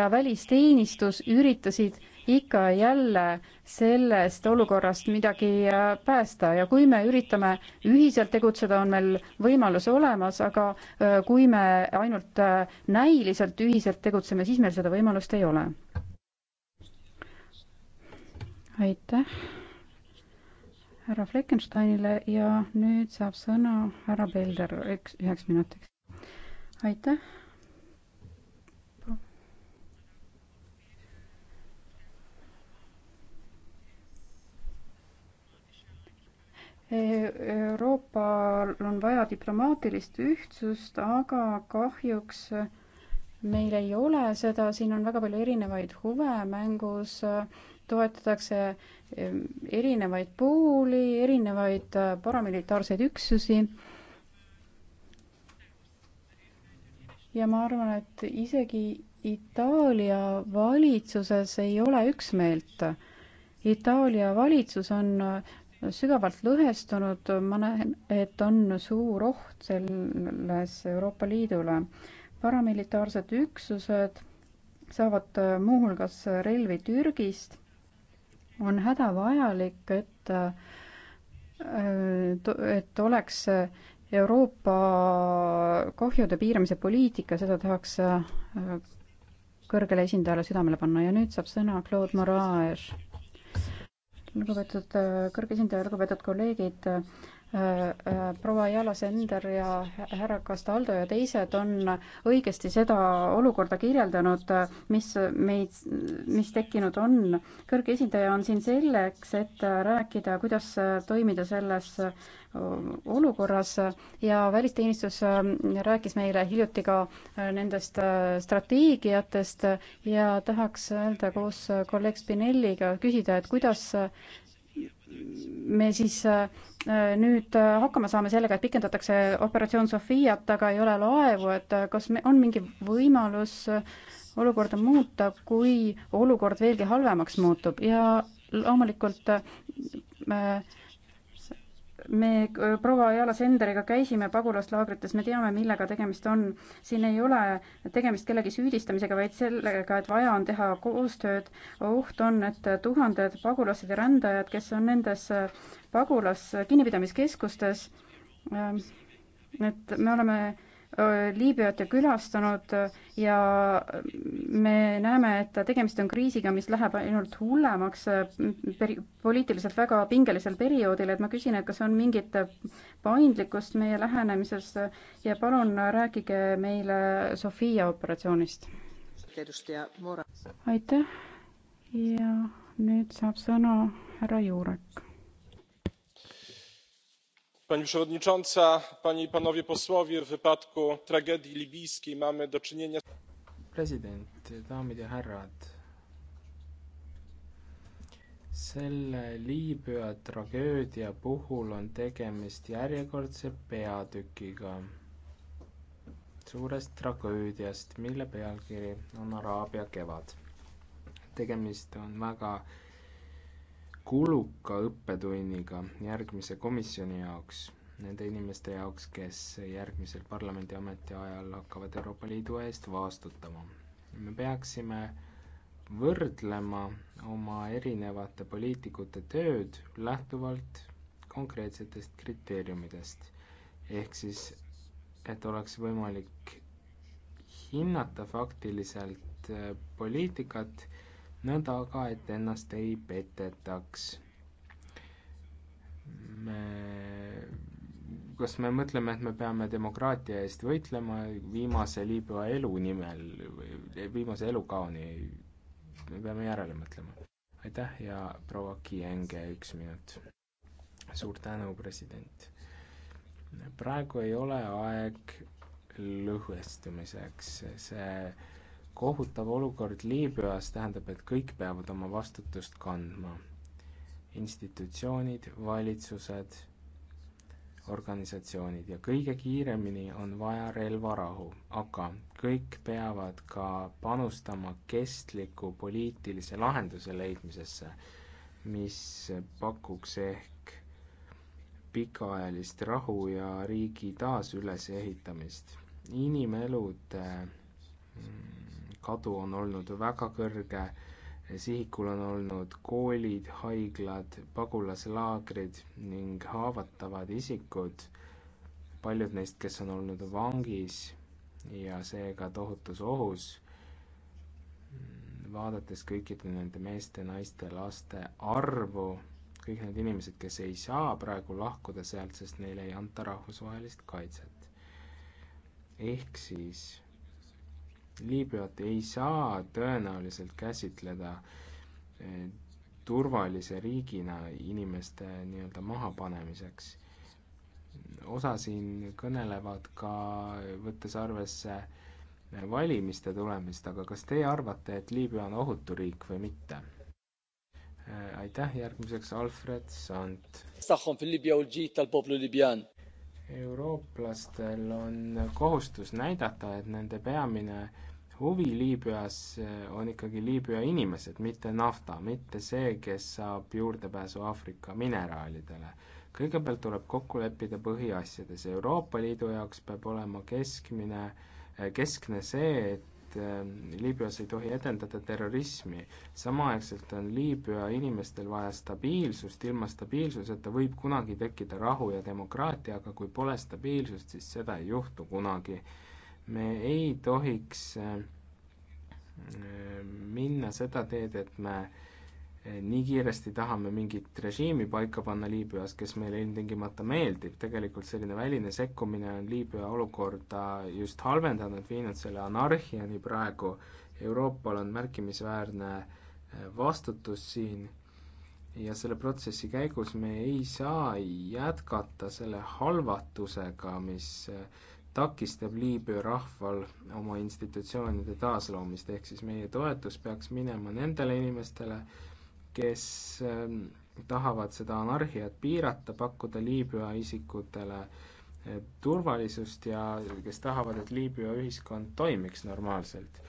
ja välisteenistus üritasid ikka ja jälle sellest olukorrast midagi äh, päästa ja kui me üritame ühiselt tegutseda, on meil võimalus olemas, aga äh, kui me ainult äh, näiliselt ühiselt tegutseme, siis meil seda võimalust ei ole. aitäh härra Fleckensteinile ja nüüd saab sõna härra Pelder üks, üheks minutiks. aitäh Euroopal on vaja diplomaatilist ühtsust, aga kahjuks meil ei ole seda, siin on väga palju erinevaid huve mängus, toetatakse ehm, erinevaid pooli, erinevaid äh, paramilitaarseid üksusi ja ma arvan, et isegi Itaalia valitsuses ei ole üksmeelt. Itaalia valitsus on äh, sügavalt lõhestunud, ma näen, et on suur oht selles Euroopa Liidule. paramilitaarsed üksused saavad muuhulgas relvi Türgist, on hädavajalik, et, äh, et oleks Euroopa kahjude piiramise poliitika, seda tahaks äh, kõrgele esindajale südamele panna ja nüüd saab sõna Claude Moraes lugupeetud kõrge esindaja, lugupeetud kolleegid Äh, äh, proua Jala Sender ja härra Castaldo ja teised on õigesti seda olukorda kirjeldanud, mis meid, mis tekkinud on. kõrge esindaja on siin selleks, et rääkida, kuidas toimida selles olukorras ja välisteenistus rääkis meile hiljuti ka nendest strateegiatest ja tahaks öelda koos kolleeg Spinelliga, küsida, et kuidas me siis äh, nüüd äh, hakkama saame sellega, et pikendatakse operatsioon Sofiat, aga ei ole laevu, et äh, kas me, on mingi võimalus olukorda muuta, kui olukord veelgi halvemaks muutub ja loomulikult äh, me äh, proua Ajala Senderiga käisime pagulaslaagrites, me teame, millega tegemist on. siin ei ole tegemist kellegi süüdistamisega, vaid sellega, et vaja on teha koostööd. oht on, et tuhanded pagulased ja rändajad, kes on nendes äh, pagulas kinnipidamiskeskustes, äh, et me oleme Liibüat ja külastanud ja me näeme, et tegemist on kriisiga, mis läheb ainult hullemaks peri-, poliitiliselt väga pingelisel perioodil, et ma küsin, et kas on mingit paindlikkust meie lähenemises ja palun rääkige meile Sofia operatsioonist. aitäh ja nüüd saab sõna härra Juurek pani przewodnicząca! panie i panowie posłowie! w wypadku tragedii libijskiej mamy do czynienia. selle liibüa tragöödia puhul on tegemist järjekordse peatükiga suurest tragöödiast mille pealkiri on araabia kevad tegemist on väga kuluka õppetunniga järgmise komisjoni jaoks, nende inimeste jaoks, kes järgmisel parlamendi ametiajal hakkavad Euroopa Liidu eest vastutama. me peaksime võrdlema oma erinevate poliitikute tööd lähtuvalt konkreetsetest kriteeriumidest, ehk siis et oleks võimalik hinnata faktiliselt poliitikat nad aga, et ennast ei petetaks. me, kas me mõtleme, et me peame demokraatia eest võitlema viimase Liibüa elu nimel või eh, viimase elukaoni, me peame järele mõtlema. aitäh ja proua Kienge, üks minut. suur tänu, president. praegu ei ole aeg lõhestumiseks, see kohutav olukord liibüas tähendab et kõik peavad oma vastutust kandma institutsioonid valitsused organisatsioonid ja kõige kiiremini on vaja relvarahu aga kõik peavad ka panustama kestliku poliitilise lahenduse leidmisesse mis pakuks ehk pikaajalist rahu ja riigi taasülesehitamist inimelude mm, kadu on olnud väga kõrge, sihikul on olnud koolid, haiglad, pagulaslaagrid ning haavatavad isikud, paljud neist, kes on olnud vangis ja seega tohutus ohus, vaadates kõikide nende meeste, naiste, laste arvu, kõik need inimesed, kes ei saa praegu lahkuda sealt, sest neile ei anta rahvusvahelist kaitset. ehk siis Liibüat ei saa tõenäoliselt käsitleda eh, turvalise riigina inimeste nii-öelda mahapanemiseks. osa siin kõnelevad ka, võttes arvesse eh, valimiste tulemist, aga kas teie arvate, et Liibüa on ohutu riik või mitte? Eh, aitäh, järgmiseks Alfred Sant. eurooplastel on kohustus näidata, et nende peamine huvi Liibüas eh, on ikkagi Liibüa inimesed, mitte nafta, mitte see, kes saab juurdepääsu Aafrika mineraalidele. kõigepealt tuleb kokku leppida põhiasjades, Euroopa Liidu jaoks peab olema keskmine, eh, keskne see, et eh, Liibüas ei tohi edendada terrorismi. samaaegselt on Liibüa inimestel vaja stabiilsust, ilma stabiilsuseta võib kunagi tekkida rahu ja demokraatia, aga kui pole stabiilsust, siis seda ei juhtu kunagi me ei tohiks äh, minna seda teed, et me äh, nii kiiresti tahame mingit režiimi paika panna Liibüas, kes meile ilmtingimata meeldib, tegelikult selline väline sekkumine on Liibüa olukorda just halvendanud, viinud selle anarhiani praegu, Euroopal on märkimisväärne äh, vastutus siin ja selle protsessi käigus me ei saa jätkata selle halvatusega, mis äh, takistab Liibüa rahval oma institutsioonide taasloomist, ehk siis meie toetus peaks minema nendele inimestele, kes ähm, tahavad seda anarhiat piirata, pakkuda Liibüa isikutele äh, turvalisust ja kes tahavad, et Liibüa ühiskond toimiks normaalselt.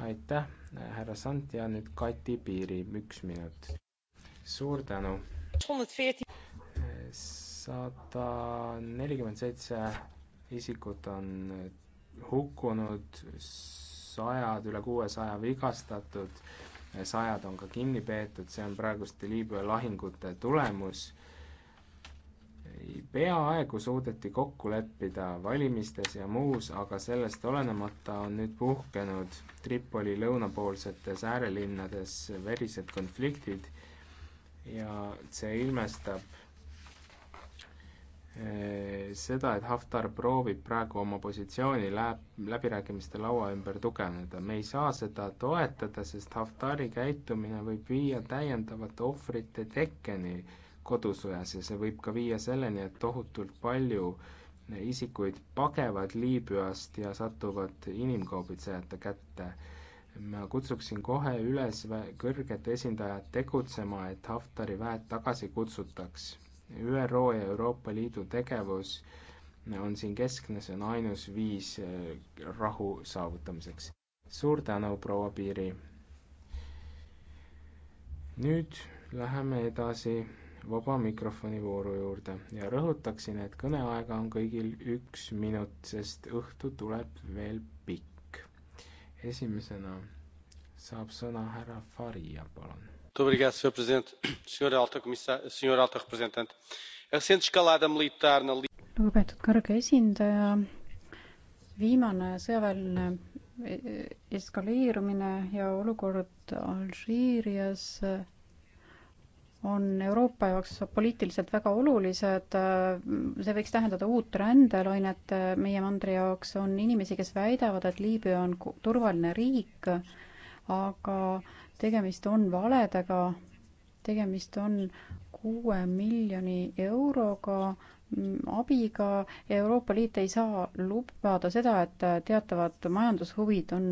aitäh, äh, härra Sant ja nüüd Kati Piiri, üks minut. suur tänu. Äh, sada nelikümmend seitse isikud on hukkunud, sajad, üle kuuesaja vigastatud, sajad on ka kinni peetud, see on praeguste Liibüa lahingute tulemus. peaaegu suudeti kokku leppida valimistes ja muus, aga sellest olenemata on nüüd puhkenud Tripoli lõunapoolsetes äärelinnades verised konfliktid ja see ilmestab Eh, seda, et Haftar proovib praegu oma positsiooni läheb, läbirääkimiste laua ümber tugevneda. me ei saa seda toetada, sest Haftari käitumine võib viia täiendavate ohvrite tekkeni kodusõjas ja see võib ka viia selleni, et tohutult palju isikuid pagevad Liibüast ja satuvad inimkaubitsejate kätte. ma kutsuksin kohe üles kõrget esindajat tegutsema, et Haftari väed tagasi kutsutaks ÜRO ja Euroopa Liidu tegevus on siin keskne, see on ainus viis äh, rahu saavutamiseks. suur tänu, proua Piiri! nüüd läheme edasi vaba mikrofoni vooru juurde ja rõhutaksin, et kõneaega on kõigil üks minut, sest õhtu tuleb veel pikk. esimesena saab sõna härra Faria, palun senhor presidente senhora alta representante a recente escalada militar na. lugupeetud kõrge esindaja viimane sõjaväeline e, e, eskaleerumine ja olukord alžeerias on Euroopa jaoks poliitiliselt väga olulised, see võiks tähendada uut rändelainet meie mandri jaoks, on inimesi, kes väidavad, et Liibüa on turvaline riik, aga tegemist on valedega, tegemist on kuue miljoni euroga mm, abiga. Euroopa Liit ei saa lubada seda, et teatavad majandushuvid on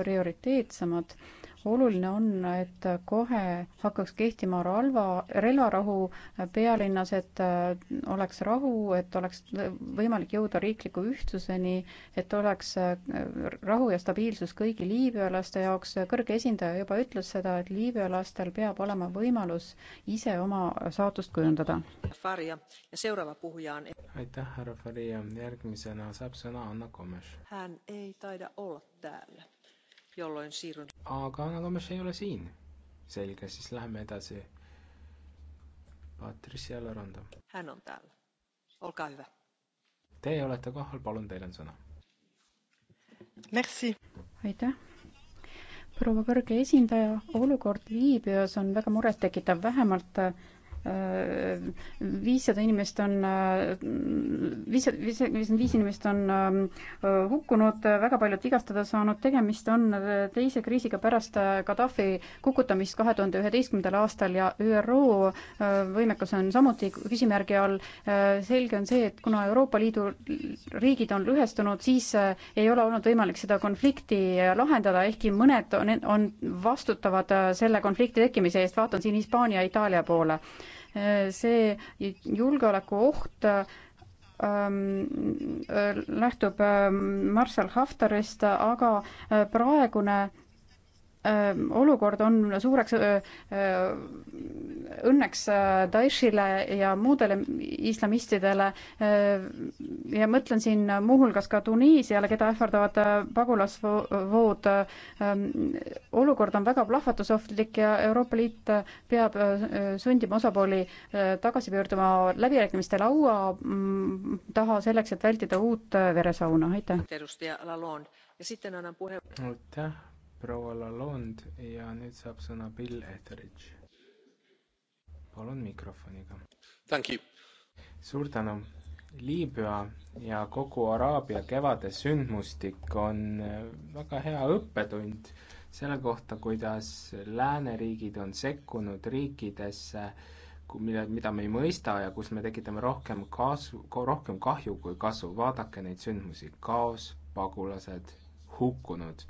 prioriteetsemad oluline on, et kohe hakkaks kehtima relva, relvarahu pealinnas, et äh, oleks rahu, et oleks võimalik jõuda riikliku ühtsuseni, et oleks äh, rahu ja stabiilsus kõigi liibüalaste jaoks. kõrge esindaja juba ütles seda, et liibüalastel peab olema võimalus ise oma saatust kujundada. aitäh, härra Faria, järgmisena saab sõna Anna Komes. hän ei taida olla täällä aga Anna Gomes ei ole siin. selge, siis läheme edasi. Patricia Laranda. hän on täällä. Olkaa hyvä. Teie olete kohal, palun, teil on sõna. Merci. aitäh proua kõrge esindaja, olukord Liibüas on väga murettekitav, vähemalt viissada inimest on, viissada, viiskümmend viis inimest on äh, hukkunud, väga paljud vigastada saanud, tegemist on teise kriisiga pärast Gaddafi kukutamist kahe tuhande üheteistkümnendal aastal ja ÜRO äh, võimekus on samuti küsimärgi all. Äh, selge on see, et kuna Euroopa Liidu riigid on lõhestunud, siis ei ole olnud võimalik seda konflikti lahendada, ehkki mõned on, on vastutavad selle konflikti tekkimise eest, vaatan siin Hispaania, Itaalia poole see julgeolekuoht ähm, äh, lähtub ähm, marssal Haftarist, aga äh, praegune olukord on suureks õnneks äh, Daeshile ja muudele islamistidele ja mõtlen siin muuhulgas ka Tuniisiale, keda ähvardavad äh, pagulasvood. Äh, ähm, olukord on väga plahvatusohtlik ja Euroopa Liit peab sundima osapooli tagasi pöörduma läbirääkimiste laua mm, taha selleks, et vältida uut veresauna, aitäh. aitäh, proua Lalonde ja nüüd saab sõna Bill Etheridge. palun mikrofoniga. suur tänu. Liibüa ja kogu Araabia kevade sündmustik on äh, väga hea õppetund selle kohta, kuidas lääneriigid on sekkunud riikidesse, mille, mida me ei mõista ja kus me tekitame rohkem kasu, rohkem kahju kui kasu, vaadake neid sündmusi, kaos, pagulased, hukkunud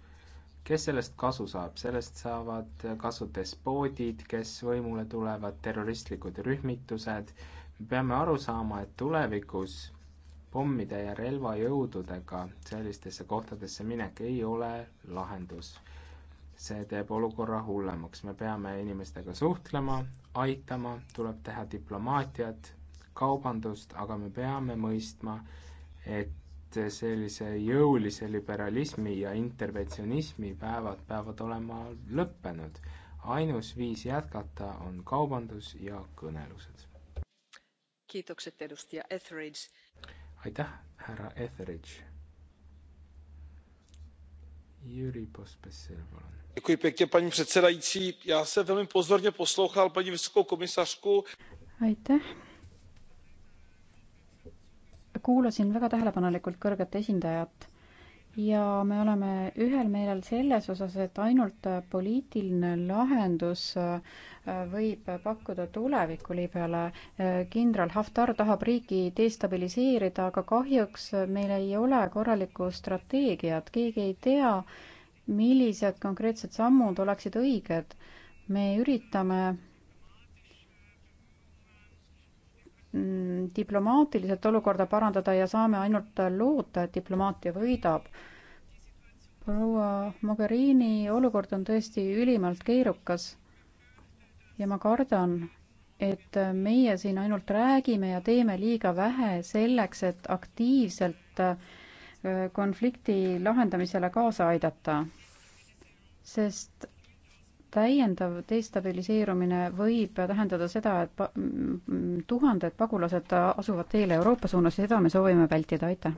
kes sellest kasu saab, sellest saavad kasu despoodid, kes võimule tulevad, terroristlikud rühmitused, me peame aru saama, et tulevikus pommide ja relvajõududega sellistesse kohtadesse minek ei ole lahendus. see teeb olukorra hullemaks, me peame inimestega suhtlema, aitama, tuleb teha diplomaatiat, kaubandust, aga me peame mõistma, et et sellise jõulise liberalismi ja interventsionismi päevad peavad olema lõppenud. ainus viis jätkata on kaubandus ja kõnelused. kiitokset, edustaja Etheridge. aitäh, härra Etheridge. Jüri Pospessil, palun. paní předsedající já jsem velmi pozorně poslouchal paní vysokou komisařku. aitäh kuulasin väga tähelepanelikult kõrget esindajat ja me oleme ühel meelel selles osas, et ainult poliitiline lahendus äh, võib pakkuda tulevikku Liibüale. Äh, kindral Haftar tahab riiki destabiliseerida, aga kahjuks meil ei ole korralikku strateegiat, keegi ei tea, millised konkreetsed sammud oleksid õiged. me üritame mm, diplomaatiliselt olukorda parandada ja saame ainult loota, et diplomaatia võidab. proua Mogherini olukord on tõesti ülimalt keerukas ja ma kardan, et meie siin ainult räägime ja teeme liiga vähe selleks, et aktiivselt äh, konflikti lahendamisele kaasa aidata. sest täiendav destabiliseerumine võib tähendada seda, et pa-, mm, tuhanded pagulased asuvad teele Euroopa suunas ja seda me soovime vältida, aitäh.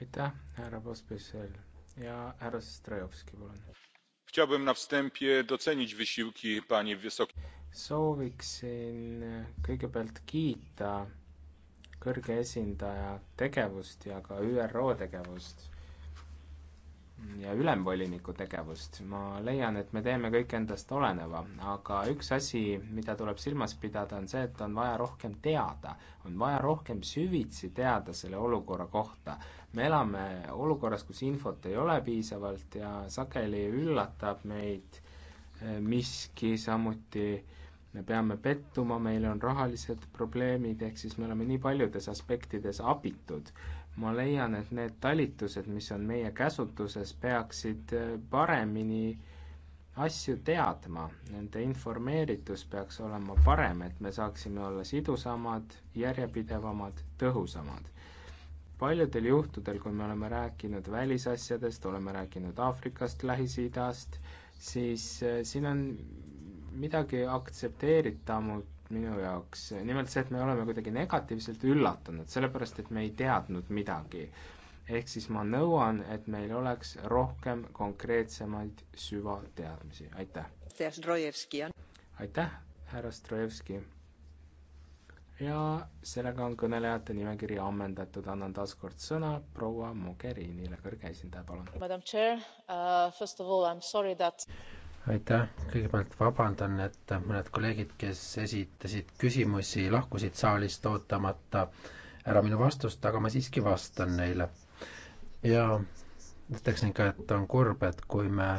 aitäh, härra Pospisil ja härra Strajovski, palun. sooviksin kõigepealt kiita kõrge esindaja tegevust ja ka ÜRO tegevust ja ülemvoliniku tegevust. ma leian, et me teeme kõik endast oleneva, aga üks asi, mida tuleb silmas pidada, on see, et on vaja rohkem teada, on vaja rohkem süvitsi teada selle olukorra kohta. me elame olukorras, kus infot ei ole piisavalt ja sageli üllatab meid eh, miski, samuti me peame pettuma, meil on rahalised probleemid, ehk siis me oleme nii paljudes aspektides abitud ma leian, et need talitused, mis on meie käsutuses, peaksid äh, paremini asju teadma, nende informeeritus peaks olema parem, et me saaksime olla sidusamad, järjepidevamad, tõhusamad. paljudel juhtudel, kui me oleme rääkinud välisasjadest, oleme rääkinud Aafrikast, Lähis-Idast, siis äh, siin on midagi aktsepteeritamat minu jaoks, nimelt see, et me oleme kuidagi negatiivselt üllatunud, sellepärast et me ei teadnud midagi. ehk siis ma nõuan, et meil oleks rohkem konkreetsemaid süvateadmisi, aitäh. aitäh, härra Strojevski. ja sellega on kõnelejate nimekiri ammendatud, annan taas kord sõna proua Mogherinile, kõrge esindaja, palun. Madam Chair uh,, first of all I am sorry that aitäh, kõigepealt vabandan, et mõned kolleegid, kes esitasid küsimusi, lahkusid saalist ootamata ära minu vastust, aga ma siiski vastan neile. ja ütleksin ka, et on kurb, et kui me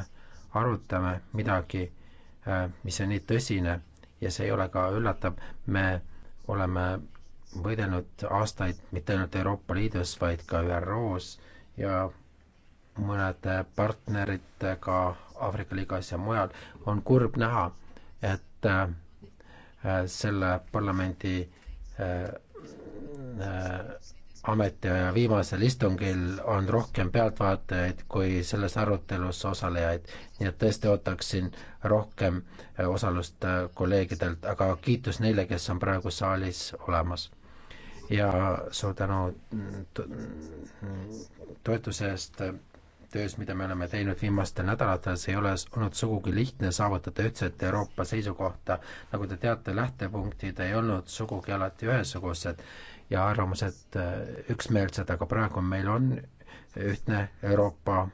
arutame midagi, äh, mis on nii tõsine ja see ei ole ka üllatav, me oleme võidelnud aastaid mitte ainult Euroopa Liidus, vaid ka ÜRO-s ja mõnede partneritega Aafrika liigas ja mujal, on kurb näha, et äh, selle parlamendi äh, äh, ametiaja viimasel istungil on rohkem pealtvaatajaid kui selles arutelus osalejaid, nii et tõesti ootaksin rohkem osalust kolleegidelt, aga kiitus neile, kes on praegu saalis olemas. ja suur tänu mm, mm, toetuse eest töös, mida me oleme teinud viimastel nädalatel, see ei ole olnud sugugi lihtne saavutada ühtset Euroopa seisukohta. nagu te teate, lähtepunktid ei olnud sugugi alati ühesugused ja arvamused äh, üksmeelsed, aga praegu meil on ühtne Euroopa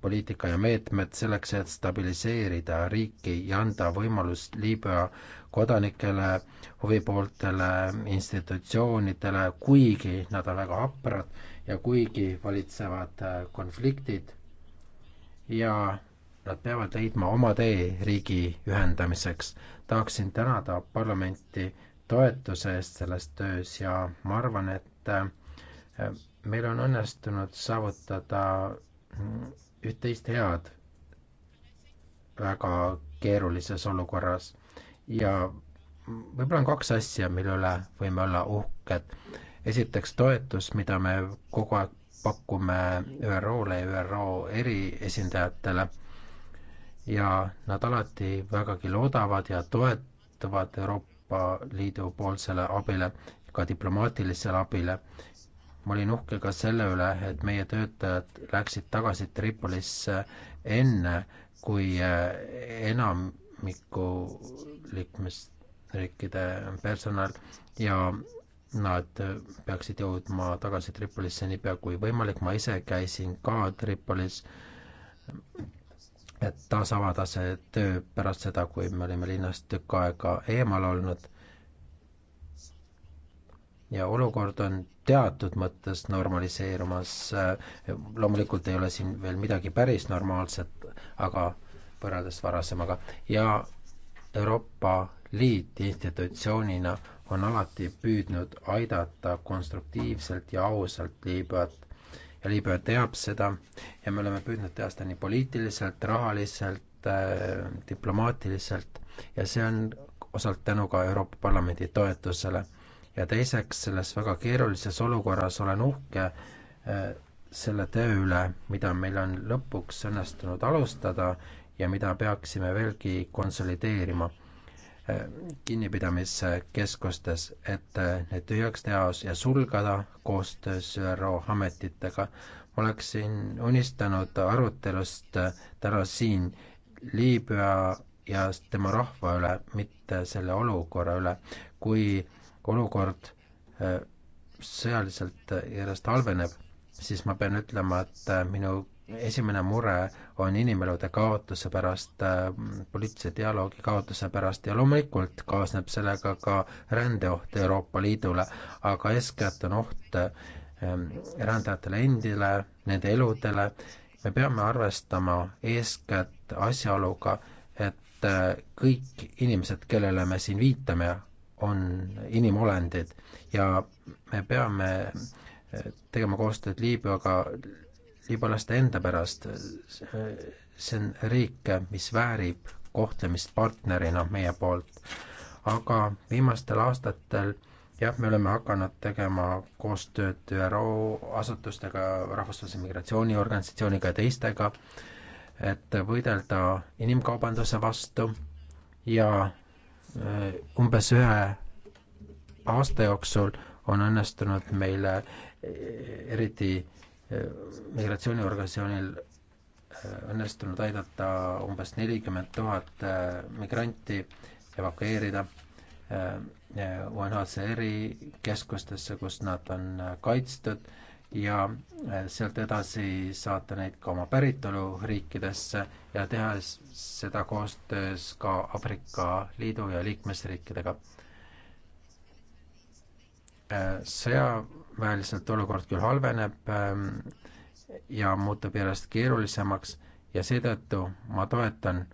poliitika ja meetmed selleks, et stabiliseerida riiki ja anda võimalus Liibüa kodanikele, huvipooltele, institutsioonidele, kuigi nad on väga haprad ja kuigi valitsevad äh, konfliktid ja nad peavad leidma oma tee riigi ühendamiseks. tahaksin tänada parlamenti toetuse eest selles töös ja ma arvan, et äh, meil on õnnestunud saavutada mm, üht-teist head väga keerulises olukorras ja võib-olla on kaks asja, mille üle võime olla uhked. esiteks toetus, mida me kogu aeg pakume ÜRO-le ja ÜRO eriesindajatele ja nad alati vägagi loodavad ja toetavad Euroopa Liidu poolsele abile, ka diplomaatilisele abile. ma olin uhke ka selle üle, et meie töötajad läksid tagasi Tripolisse enne, kui enam enamiku liikmesriikide personal ja nad peaksid jõudma tagasi Tripolisse niipea kui võimalik. ma ise käisin ka Tripolis, et taas avada see töö pärast seda, kui me olime linnast tükk aega eemal olnud. ja olukord on teatud mõttes normaliseerumas. loomulikult ei ole siin veel midagi päris normaalset, aga võrreldes varasemaga ja Euroopa Liit institutsioonina on alati püüdnud aidata konstruktiivselt ja ausalt Liibüat ja Liibüa teab seda ja me oleme püüdnud teha seda nii poliitiliselt, rahaliselt äh,, diplomaatiliselt ja see on osalt tänu ka Euroopa Parlamendi toetusele. ja teiseks, selles väga keerulises olukorras olen uhke äh, selle töö üle, mida meil on lõpuks õnnestunud alustada ja mida peaksime veelgi konsolideerima eh, kinnipidamiskeskustes, et eh, need tühjaks teha ja sulgeda koostöös ÜRO ametitega. ma oleksin unistanud arutelust eh, täna siin Liibüa ja tema rahva üle, mitte selle olukorra üle. kui olukord sõjaliselt järjest halveneb, siis ma pean ütlema, et minu esimene mure on inimelude kaotuse pärast, äh, poliitilise dialoogi kaotuse pärast ja loomulikult kaasneb sellega ka rändeoht Euroopa Liidule, aga eeskätt on oht ähm, rändajatele endile, nende eludele. me peame arvestama eeskätt asjaoluga, et äh, kõik inimesed, kellele me siin viitame, on inimolendid ja me peame äh, tegema koostööd Liibüaga, võib-olla seda enda pärast, see on riik, mis väärib kohtlemist partnerina meie poolt. aga viimastel aastatel jah, me oleme hakanud tegema koostööd ÜRO asutustega, Rahvusvahelise Migratsiooniorganisatsiooniga ja teistega, et võidelda inimkaubanduse vastu ja äh, umbes ühe aasta jooksul on õnnestunud meile eriti migratsiooniorganisatsioonil äh, õnnestunud aidata umbes nelikümmend tuhat äh, migranti evakueerida äh, UNHCR-i keskustesse, kus nad on kaitstud ja sealt edasi saata neid ka oma päritoluriikidesse ja teha seda koostöös ka Aafrika Liidu ja liikmesriikidega. sõja väheliselt olukord küll halveneb ähm, ja muutub järjest keerulisemaks ja seetõttu ma toetan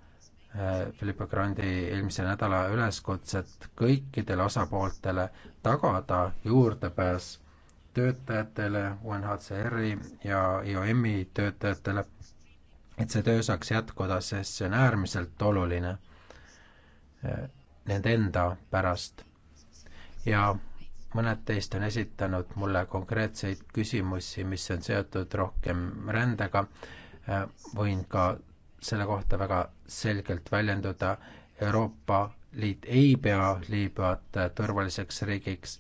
Filippo äh, Grandi eelmise nädala üleskutset kõikidele osapooltele tagada juurdepääs töötajatele, UNHCR-i ja IOM-i töötajatele, et see töö saaks jätkuda, sest see on äärmiselt oluline äh, nende enda pärast. ja mõned teist on esitanud mulle konkreetseid küsimusi, mis on seotud rohkem rändega. Äh, võin ka selle kohta väga selgelt väljenduda. Euroopa Liit ei pea Liibüat turvaliseks riigiks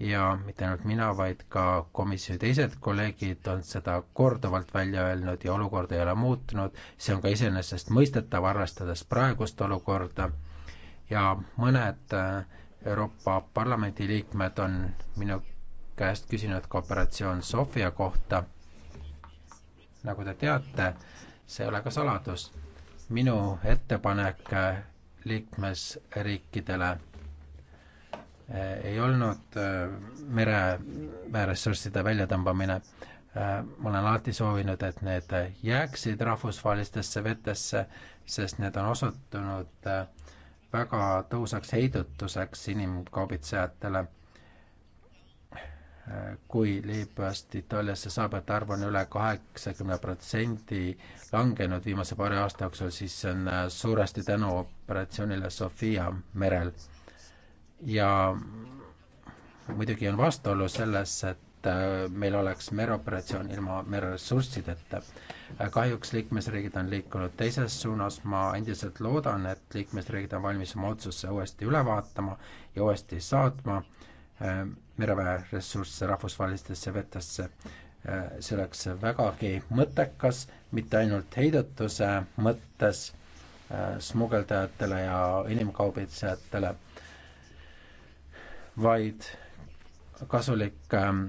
ja mitte ainult mina, vaid ka komisjoni teised kolleegid on seda korduvalt välja öelnud ja olukord ei ole muutunud. see on ka iseenesestmõistetav, arvestades praegust olukorda ja mõned äh, Euroopa Parlamendi liikmed on minu käest küsinud ka operatsioon Sofia kohta. nagu te teate, see ei ole ka saladus, minu ettepanek liikmesriikidele eh, ei olnud eh, mereressursside väljatõmbamine. Eh, ma olen alati soovinud, et need jääksid rahvusvahelistesse vetesse, sest need on osutunud äh, väga tõusaks heidutuseks inimkaubitsejatele, kui Liibüast Itaaliasse saabujate arv on üle kaheksakümne protsendi langenud viimase paari aasta jooksul, siis see on äh, suuresti tänu operatsioonile Sofia merel. ja muidugi on vastuolu selles, et et äh, meil oleks mereoperatsioon ilma mereressurssideta. Äh, kahjuks liikmesriigid on liikunud teises suunas, ma endiselt loodan, et liikmesriigid on valmis oma otsuse uuesti üle vaatama ja uuesti saatma äh, mereväe ressursse rahvusvahelistesse vetesse. see oleks vägagi mõttekas, mitte ainult heidutuse mõttes smugeldajatele ja inimkaubitsejatele, vaid kasulik ähm,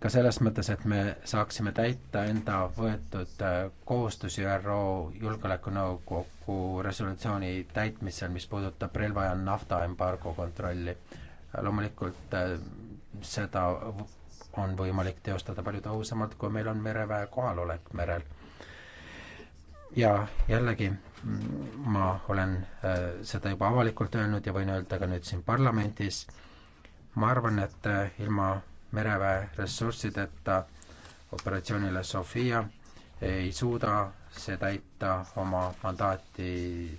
ka selles mõttes, et me saaksime täita enda võetud äh, kohustusi ÜRO Julgeolekunõukogu resolutsiooni täitmisel, mis puudutab relva ja naftaembargo kontrolli. loomulikult äh, seda on võimalik teostada palju tõhusamalt, kui meil on mereväe kohalolek merel. ja jällegi, mm, ma olen äh, seda juba avalikult öelnud ja võin öelda ka nüüd siin parlamendis, ma arvan, et äh, ilma mereväe ressurssideta operatsioonile Sofia ei suuda see täita oma mandaati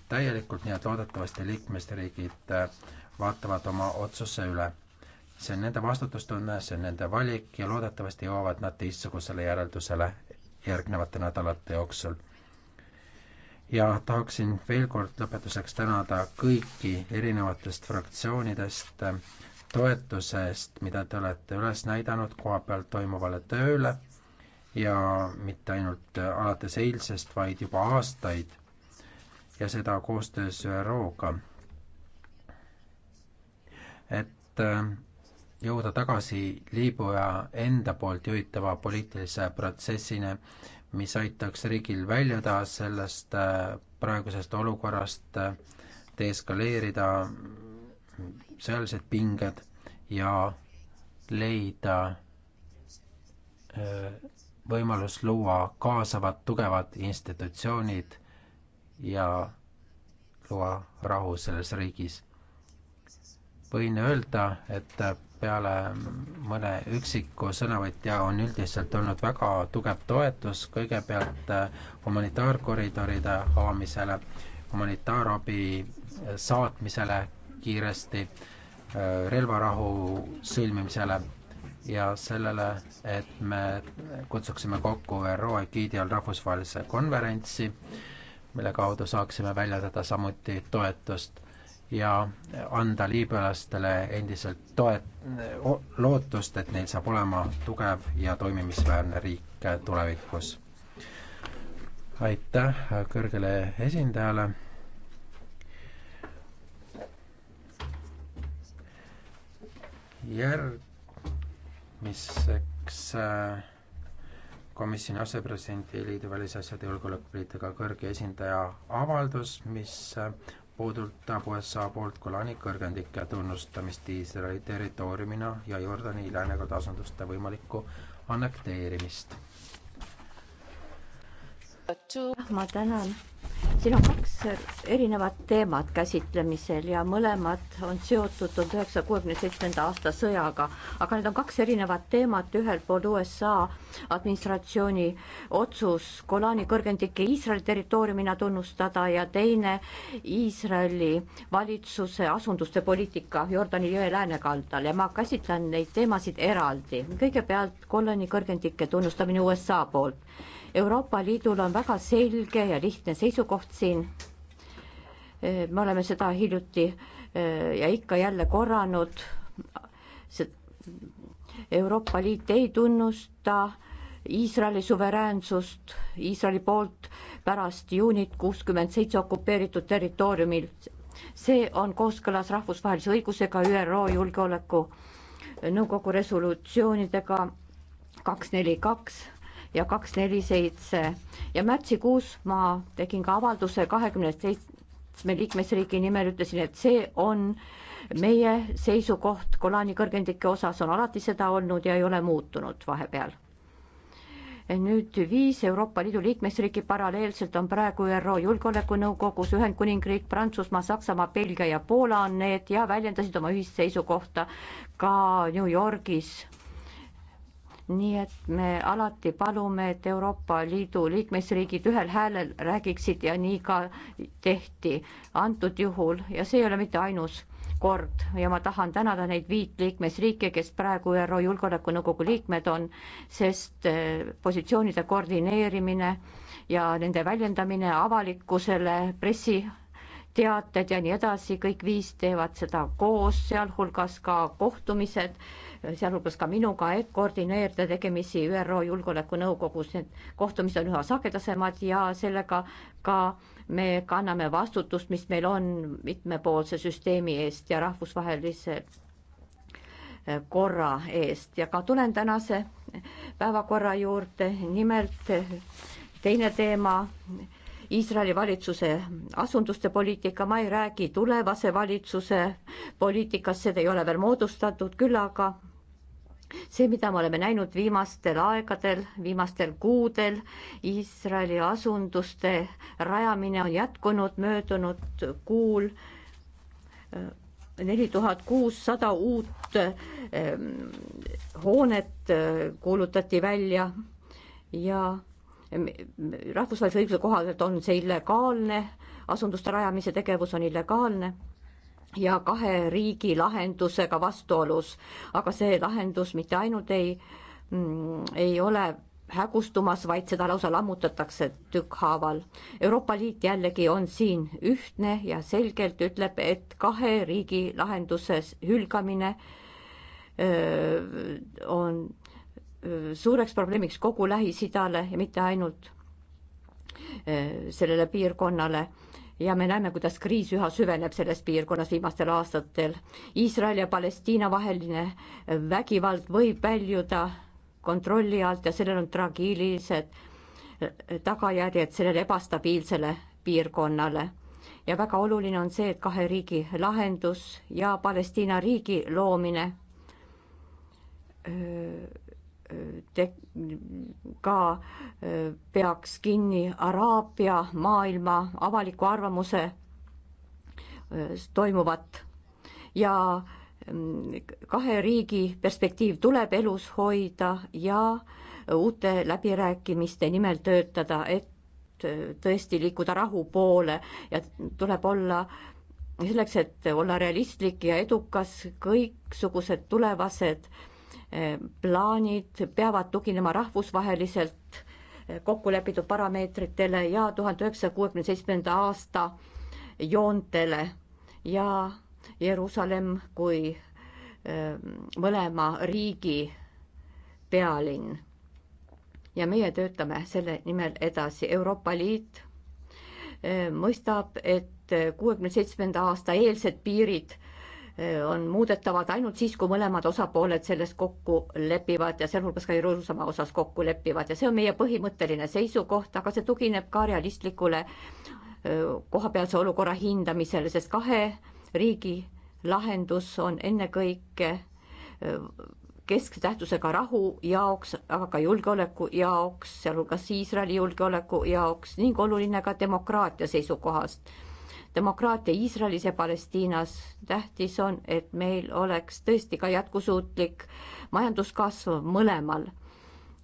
täielikult, nii et loodetavasti liikmesriigid äh, vaatavad oma otsuse üle. see on nende vastutustunne, see on nende valik ja loodetavasti jõuavad nad teistsugusele järeldusele järgnevate nädalate jooksul. ja tahaksin veel kord lõpetuseks tänada kõiki erinevatest fraktsioonidest äh, toetuse eest, mida te olete üles näidanud kohapeal toimuvale tööle ja mitte ainult alates eilsest, vaid juba aastaid ja seda koostöös ÜRO-ga. et äh, jõuda tagasi Liibüa enda poolt juhitava poliitilise protsessini, mis aitaks riigil väljuda sellest äh, praegusest olukorrast, äh, deeskaleerida sõjalised pinged ja leida võimalus luua kaasavad tugevad institutsioonid ja luua rahu selles riigis. võin öelda, et peale mõne üksiku sõnavõtja on üldiselt olnud väga tugev toetus kõigepealt äh, humanitaarkoridoride avamisele, humanitaarabi saatmisele kiiresti äh, relvarahu sõlmimisele ja sellele, et me kutsuksime kokku ÜRO egiidi all rahvusvahelise konverentsi, mille kaudu saaksime väljendada samuti toetust ja anda liibüalastele endiselt toet-, lootust, et neil saab olema tugev ja toimimisväärne riik tulevikus. aitäh kõrgele esindajale järgmiseks äh, komisjoni asepresidendi liidu välisasjade julgeolekupoliitika kõrge esindaja avaldus, mis äh, puudutab USA poolt Golani kõrgendike tunnustamist Iisraeli territooriumina ja Jordani läänekord asunduste võimalikku annekteerimist. ma tänan siin on kaks erinevat teemat käsitlemisel ja mõlemad on seotud tuhande üheksasaja kuuekümne seitsmenda aasta sõjaga, aga need on kaks erinevat teemat, ühelt poolt USA administratsiooni otsus Golani kõrgendikke Iisraeli territooriumina tunnustada ja teine Iisraeli valitsuse asunduste poliitika Jordani jõe läänekaldal ja ma käsitlen neid teemasid eraldi. kõigepealt Golani kõrgendike tunnustamine USA poolt Euroopa Liidul on väga selge ja lihtne seisukoht siin. me oleme seda hiljuti eh, ja ikka jälle korranud. Euroopa Liit ei tunnusta Iisraeli suveräänsust Iisraeli poolt pärast juunit kuuskümmend seitse okupeeritud territooriumil. see on kooskõlas rahvusvahelise õigusega ÜRO Julgeolekunõukogu resolutsioonidega kaks neli kaks ja kaks neli seitse ja märtsikuus ma tegin ka avalduse kahekümne seitsme liikmesriigi nimel, ütlesin, et see on meie seisukoht Golani kõrgendike osas on alati seda olnud ja ei ole muutunud vahepeal. nüüd viis Euroopa Liidu liikmesriiki paralleelselt on praegu ÜRO Julgeolekunõukogus Ühendkuningriik, Prantsusmaa, Saksamaa, Belgia ja Poola on need ja väljendasid oma ühist seisukohta ka New Yorgis nii et me alati palume, et Euroopa Liidu liikmesriigid ühel häälel räägiksid ja nii ka tehti antud juhul ja see ei ole mitte ainus kord ja ma tahan tänada neid viit liikmesriike, kes praegu ÜRO Julgeolekunõukogu liikmed on, sest eh, positsioonide koordineerimine ja nende väljendamine avalikkusele, pressiteated ja nii edasi, kõik viis teevad seda koos, sealhulgas ka kohtumised sealhulgas ka minuga, et koordineerida tegemisi ÜRO Julgeolekunõukogus. Need kohtumised on üha sagedasemad ja sellega ka me kanname vastutust, mis meil on mitmepoolse süsteemi eest ja rahvusvahelise korra eest ja ka tulen tänase päevakorra juurde, nimelt teine teema Iisraeli valitsuse asunduste poliitika, ma ei räägi tulevase valitsuse poliitikast, seda ei ole veel moodustatud, küll aga see, mida me oleme näinud viimastel aegadel, viimastel kuudel, Iisraeli asunduste rajamine on jätkunud möödunud kuul neli tuhat kuussada uut ehm, hoonet eh, kuulutati välja ja rahvusvahelise õiguse kohaselt on see illegaalne, asunduste rajamise tegevus on illegaalne ja kahe riigi lahendusega vastuolus, aga see lahendus mitte ainult ei mm,, ei ole hägustumas, vaid seda lausa lammutatakse tükkhaaval. Euroopa Liit jällegi on siin ühtne ja selgelt ütleb, et kahe riigi lahenduses hülgamine öö, on öö, suureks probleemiks kogu Lähis-Idale ja mitte ainult öö, sellele piirkonnale ja me näeme, kuidas kriis üha süveneb selles piirkonnas viimastel aastatel. Iisraeli ja Palestiina vaheline vägivald võib väljuda kontrolli alt ja sellel on traagilised äh, tagajärjed sellele ebastabiilsele piirkonnale. ja väga oluline on see, et kahe riigi lahendus ja Palestiina riigi loomine öö, äh, te-, ka peaks kinni Araabia maailma avaliku arvamuse toimuvat ja mm, kahe riigi perspektiiv tuleb elus hoida ja uute läbirääkimiste nimel töötada, et tõesti liikuda rahu poole ja tuleb olla selleks, et olla realistlik ja edukas, kõiksugused tulevased Eh, plaanid peavad tuginema rahvusvaheliselt eh, kokku lepitud parameetritele ja tuhande üheksasaja kuuekümne seitsmenda aasta joontele ja Jeruusalemm kui eh, mõlema riigi pealinn. ja meie töötame selle nimel edasi. Euroopa Liit mõistab, et kuuekümne seitsmenda aasta eelsed piirid on muudetavad ainult siis, kui mõlemad osapooled selles kokku lepivad ja sealhulgas ka Jeruusalemma osas kokku lepivad ja see on meie põhimõtteline seisukoht, aga see tugineb ka realistlikule kohapealse olukorra hindamisele, sest kahe riigi lahendus on ennekõike keskse tähtsusega rahu jaoks, aga ka julgeoleku jaoks, sealhulgas Iisraeli julgeoleku jaoks ning oluline ka demokraatia seisukohast demokraatia Iisraelis ja Palestiinas. tähtis on, et meil oleks tõesti ka jätkusuutlik majanduskasv mõlemal,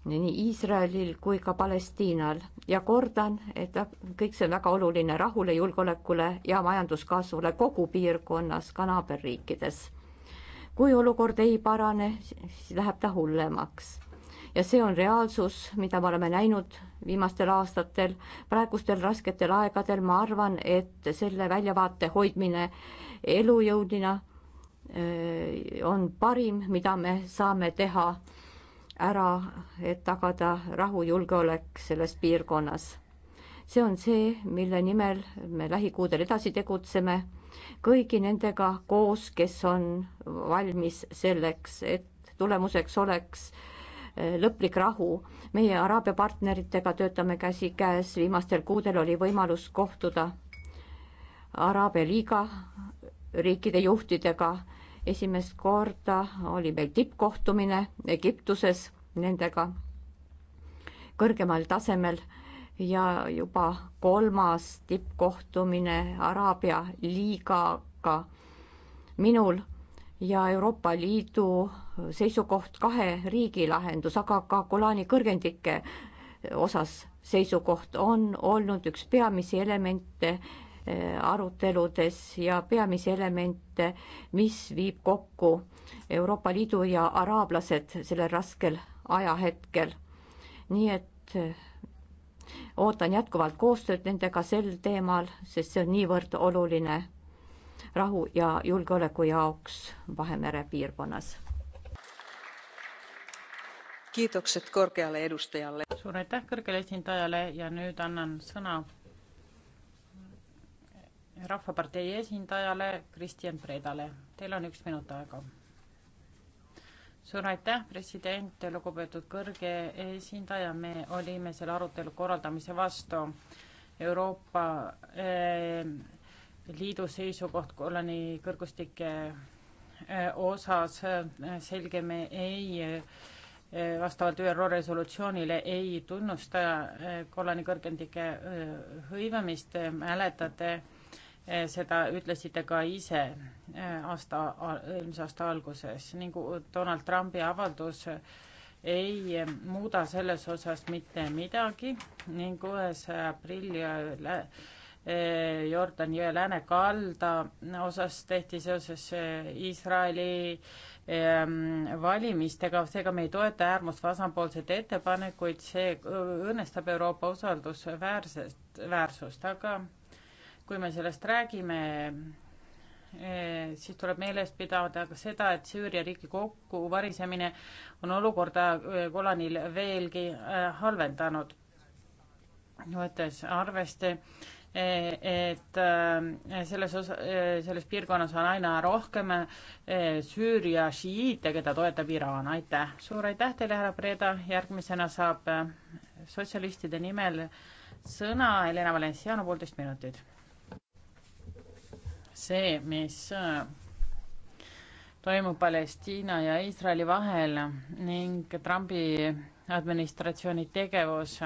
nii Iisraelil kui ka Palestiinal ja kordan, et kõik see on väga oluline rahule, julgeolekule ja majanduskasvule kogu piirkonnas, ka naaberriikides. kui olukord ei parane, siis läheb ta hullemaks ja see on reaalsus, mida me oleme näinud viimastel aastatel, praegustel rasketel aegadel, ma arvan, et selle väljavaate hoidmine elujõudina äh, on parim, mida me saame teha ära, et tagada rahujulgeolek selles piirkonnas see on see, mille nimel me lähikuudel edasi tegutseme, kõigi nendega koos, kes on valmis selleks, et tulemuseks oleks lõplik rahu. meie Araabia partneritega töötame käsikäes, viimastel kuudel oli võimalus kohtuda Araabia liiga riikide juhtidega. esimest korda oli meil tippkohtumine Egiptuses nendega kõrgemal tasemel ja juba kolmas tippkohtumine Araabia liigaga minul ja Euroopa Liidu seisukoht kahe riigi lahendus, aga ka Golani kõrgendike osas seisukoht on olnud üks peamisi elemente eh, aruteludes ja peamisi elemente, mis viib kokku Euroopa Liidu ja araablased sellel raskel ajahetkel. nii et eh, ootan jätkuvalt koostööd nendega sel teemal, sest see on niivõrd oluline rahu ja julgeoleku jaoks Vahemere piirkonnas. kiitokset kõrgele edustajale. suur aitäh kõrgele esindajale ja nüüd annan sõna Rahvapartei esindajale Kristjan Predale. Teil on üks minut aega. suur aitäh, president, lugupeetud kõrge esindaja, me olime selle arutelu korraldamise vastu. Euroopa eh, liidu seisukoht Golani kõrgustike äh, osas äh, selge, me ei, äh, vastavalt ÜRO resolutsioonile ei tunnusta Golani kõrgendike hõivamist, mäletate, seda ütlesite ka ise aasta, eelmise aasta alguses ning Donald Trumpi avaldus ei muuda selles osas mitte midagi ning kuues aprill Jordani jõe läänekalda osas tehti seoses eh, Iisraeli ehm, valimistega, seega me ei toeta äärmusvasakpoolseid ettepanekuid, see eh, õõnestab Euroopa usaldusväärsest, väärsust, aga kui me sellest räägime, eh, siis tuleb meeles pidada ka seda, et Süüria riigi kokkuvarisemine on olukorda Golanil veelgi halvendanud. võttes arvesse, Eh, et eh, selles osa, eh, selles piirkonnas on aina rohkem Süüria šiiite, keda toetab Iraan, aitäh. suur aitäh teile, härra Preda, järgmisena saab sotsialistide nimel sõna Helena Valenciano, poolteist minutit. see, mis toimub Palestiina ja Iisraeli vahel ning Trumpi administratsiooni tegevus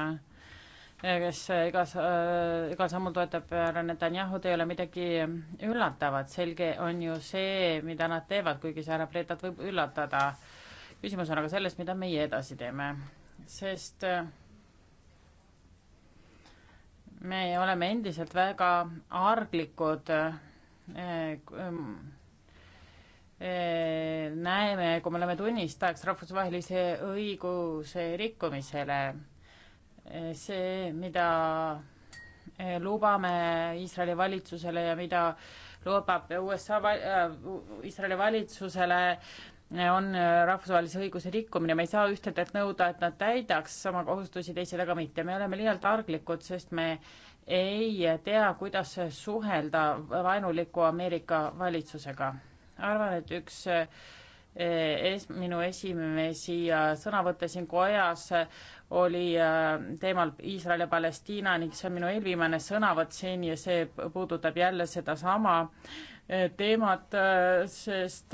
kes äh, igas, äh, igal sammul toetab äh, härra Netanyahut, ei ole midagi üllatavat. selge on ju see, mida nad teevad, kuigi see härra Bretat võib üllatada. küsimus on aga selles, mida meie edasi teeme, sest me oleme endiselt väga arglikud ähm, näeme, kui me oleme tunnistajaks rahvusvahelise õiguse rikkumisele see, mida eh, lubame Iisraeli valitsusele ja mida lubab USA äh, Iisraeli valitsusele, eh, on äh, rahvusvahelise õiguse rikkumine, me ei saa ühtedelt nõuda, et nad täidaks oma kohustusi, teised aga mitte, me oleme liialt arglikud, sest me ei tea, kuidas suhelda vaenuliku Ameerika valitsusega. arvan, et üks äh, Eh, es-, minu esimesi sõnavõtte siin kojas eh, oli eh, teemal Iisrael ja Palestiina ning see on minu eelviimane sõnavõtt siin ja see puudutab jälle sedasama teemat, sest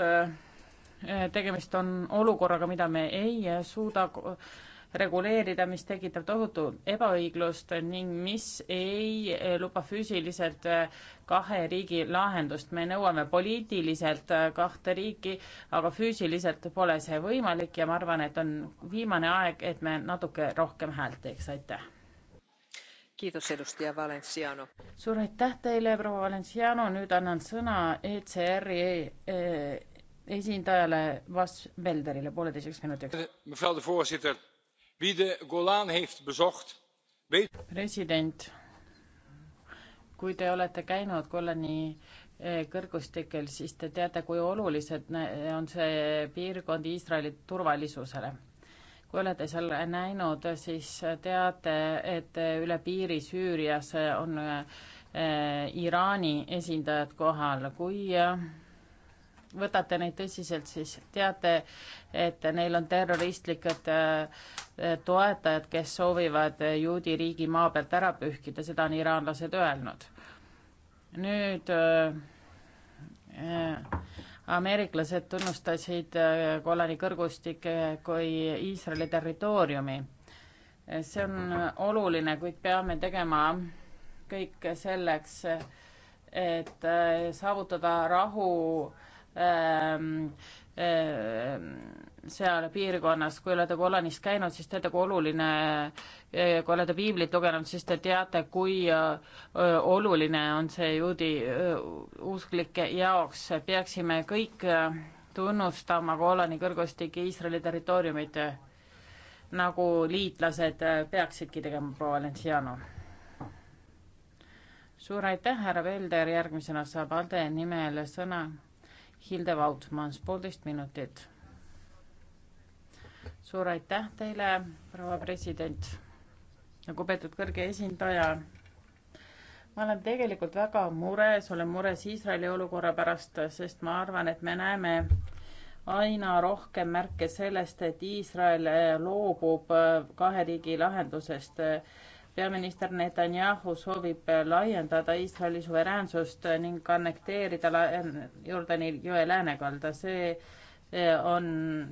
tegemist on olukorraga, mida me ei suuda reguleerida, mis tekitab tohutu ebaõiglust ning mis ei luba füüsiliselt kahe riigi lahendust. me nõuame poliitiliselt kahte riiki, aga füüsiliselt pole see võimalik ja ma arvan, et on viimane aeg, et me natuke rohkem häält teeks, aitäh. suur aitäh teile, proua Valenciano, nüüd annan sõna ECR-i e, e, esindajale Vas Belderile pooleteiseks minutiks wie de golan heeft bezocht weet. president kui te olete käinud golani eh, kõrgustikel siis te teate kui olulised on see piirkond iisraeli turvalisusele kui olete seal näinud siis teate et üle piiri süürias on eh, iraani esindajad kohal kui eh, võtate neid tõsiselt, siis teate, et neil on terroristlikud äh, toetajad, kes soovivad juudi riigi maa pealt ära pühkida, seda on iraanlased öelnud. nüüd äh, äh ameeriklased tunnustasid äh, Golani kõrgustikke kui Iisraeli territooriumi. see on oluline, kuid peame tegema kõik selleks, et saavutada rahu äh, Ähm, ähm, seal piirkonnas, kui olete Kolanis käinud, siis teate, kui oluline, äh, kui olete piiblit lugenud, siis te teate, kui äh, oluline on see juudi äh, usklike jaoks, peaksime kõik tunnustama Golani kõrgustiki Iisraeli territooriumit, nagu liitlased peaksidki tegema, proua Valenciano. suur aitäh, härra Velder, järgmisena saab Ade nimel sõna Hilde Vautmans, poolteist minutit. suur aitäh teile, proua president, lugupeetud kõrge esindaja. ma olen tegelikult väga mures, olen mures Iisraeli olukorra pärast, sest ma arvan, et me näeme aina rohkem märke sellest, et Iisrael loobub kahe riigi lahendusest peaminister Netanyahu soovib laiendada Iisraeli suveräänsust ning annekteerida äh, Jordani jõe läänekalda. see äh, on,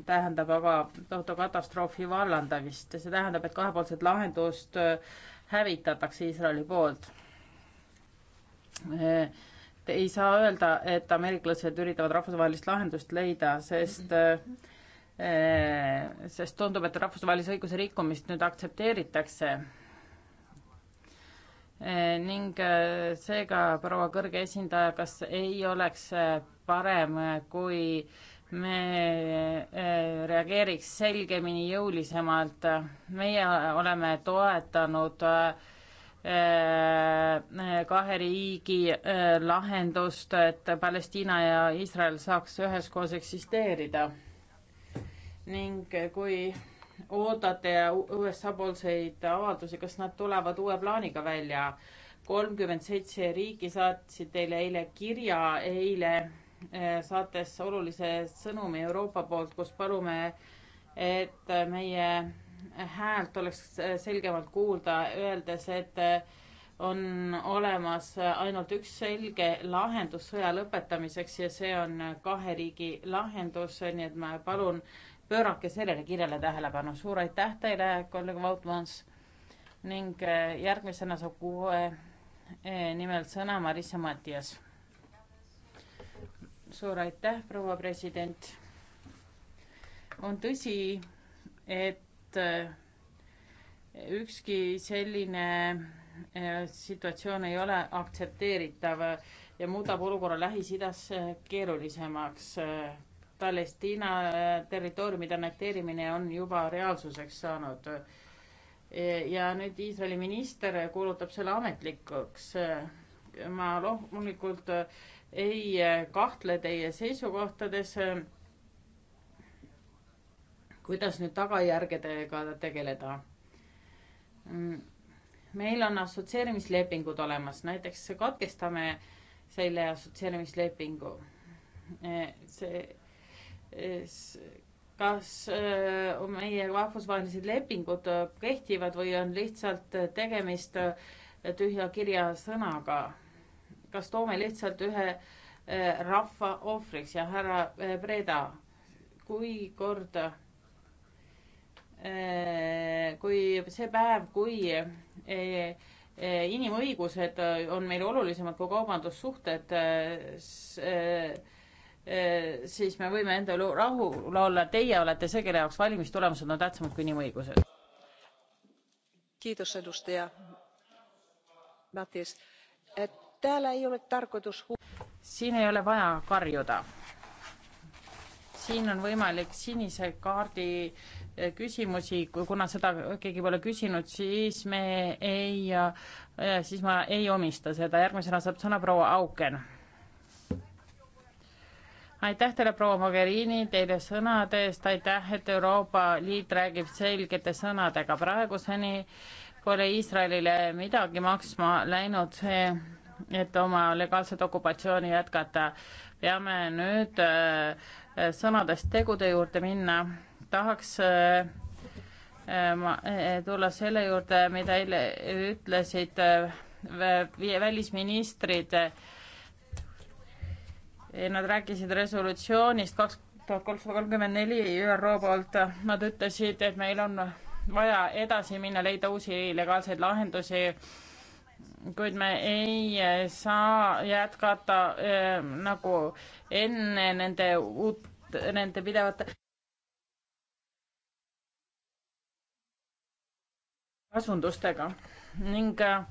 tähendab aga tohutu katastroofi vallandamist. see tähendab, et kahepoolset lahendust äh, hävitatakse Iisraeli poolt. ei saa öelda, et ameeriklased üritavad rahvusvahelist lahendust leida, sest sest tundub, et rahvusvahelise õiguse rikkumist nüüd aktsepteeritakse Eh, ning eh, seega proua kõrge esindaja, kas ei oleks eh, parem, kui me reageeriks selgemini, jõulisemalt. meie oleme toetanud kahe riigi lahendust, et Palestiina ja Iisrael saaks üheskoos eksisteerida. ning kui ootate USA poolseid avaldusi, kas nad tulevad uue plaaniga välja? kolmkümmend seitse riiki saatsid teile eile kirja, eile eh, saates olulise sõnumi Euroopa poolt, kus palume, et meie häält oleks eh, selgemalt kuulda, öeldes, et eh, on olemas ainult üks selge lahendus sõja lõpetamiseks ja see on kahe riigi lahendus, nii et ma palun, pöörake sellele kirjale tähelepanu. suur aitäh teile, kolleeg Vautmans ning eh, järgmisena saab kuue eh, nimel sõna Marissa Matias. suur aitäh, proua president. on tõsi, et eh, ükski selline situatsioon ei ole aktsepteeritav ja muudab olukorra Lähis-Idas keerulisemaks Palestiina territooriumide annekteerimine on juba reaalsuseks saanud. ja nüüd Iisraeli minister kuulutab selle ametlikuks. ma loomulikult ei kahtle teie seisukohtades. kuidas nüüd tagajärgedega tegeleda? meil on assotsieerimislepingud olemas, näiteks katkestame selle assotsieerimislepingu. see kas äh, meie rahvusvahelised lepingud äh, kehtivad või on lihtsalt äh, tegemist tühja kirja sõnaga? kas toome lihtsalt ühe rahva ohvriks ja härra Breda, kui kord, kui see päev, kui inimõigused on meile olulisemad kui kaubandussuhted, Äh, siis me võime enda üle rahul olla, teie olete see, kelle jaoks valimistulemused on tähtsamad kui inimõigused. kiitos edustaja Matis. täällä ei ole tarkoitus siin ei ole vaja karjuda. siin on võimalik sinise kaardi äh, küsimusi, kuna seda keegi pole küsinud, siis me ei, äh, siis ma ei omista seda, järgmisena saab sõna proua Auken aitäh teile, proua Mogherini, teile sõnade eest, aitäh, et Euroopa Liit räägib selgete sõnadega. praeguseni pole Iisraelile midagi maksma läinud see, et oma legaalset okupatsiooni jätkata. peame nüüd äh, sõnadest tegude juurde minna. tahaks äh, ma äh, tulla selle juurde, mida eile ütlesid välisministrid Eh, nad rääkisid resolutsioonist kaks tuhat kolmsada kolmkümmend neli ÜRO poolt. Nad ütlesid, et meil on vaja edasi minna, leida uusi legaalseid lahendusi, kuid me ei saa jätkata äh, nagu enne nende uut, nende pidevate asundustega ning äh,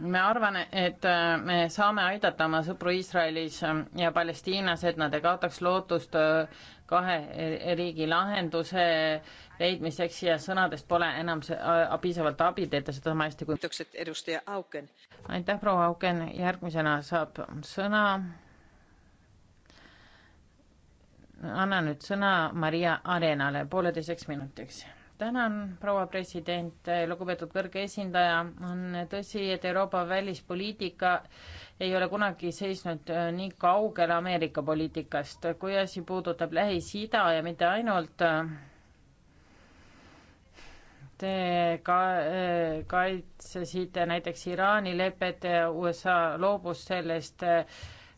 me arvan, et äh, me saame aidata oma sõpru Iisraelis äh, ja Palestiinas, et nad ei kaotaks lootust äh, kahe riigi lahenduse leidmiseks ja sõnadest pole enam see, piisavalt abi, teete seda sama hästi kui aitäh, proua Auken, järgmisena saab sõna annan nüüd sõna Maria Arenale pooleteiseks minutiks tänan, proua president, lugupeetud kõrge esindaja. on tõsi, et Euroopa välispoliitika ei ole kunagi seisnud äh, nii kaugel Ameerika poliitikast, kui asi puudutab Lähis-Ida ja mitte ainult. Äh, te ka-, äh, kaitsesite näiteks Iraani lepet, USA loobus sellest äh,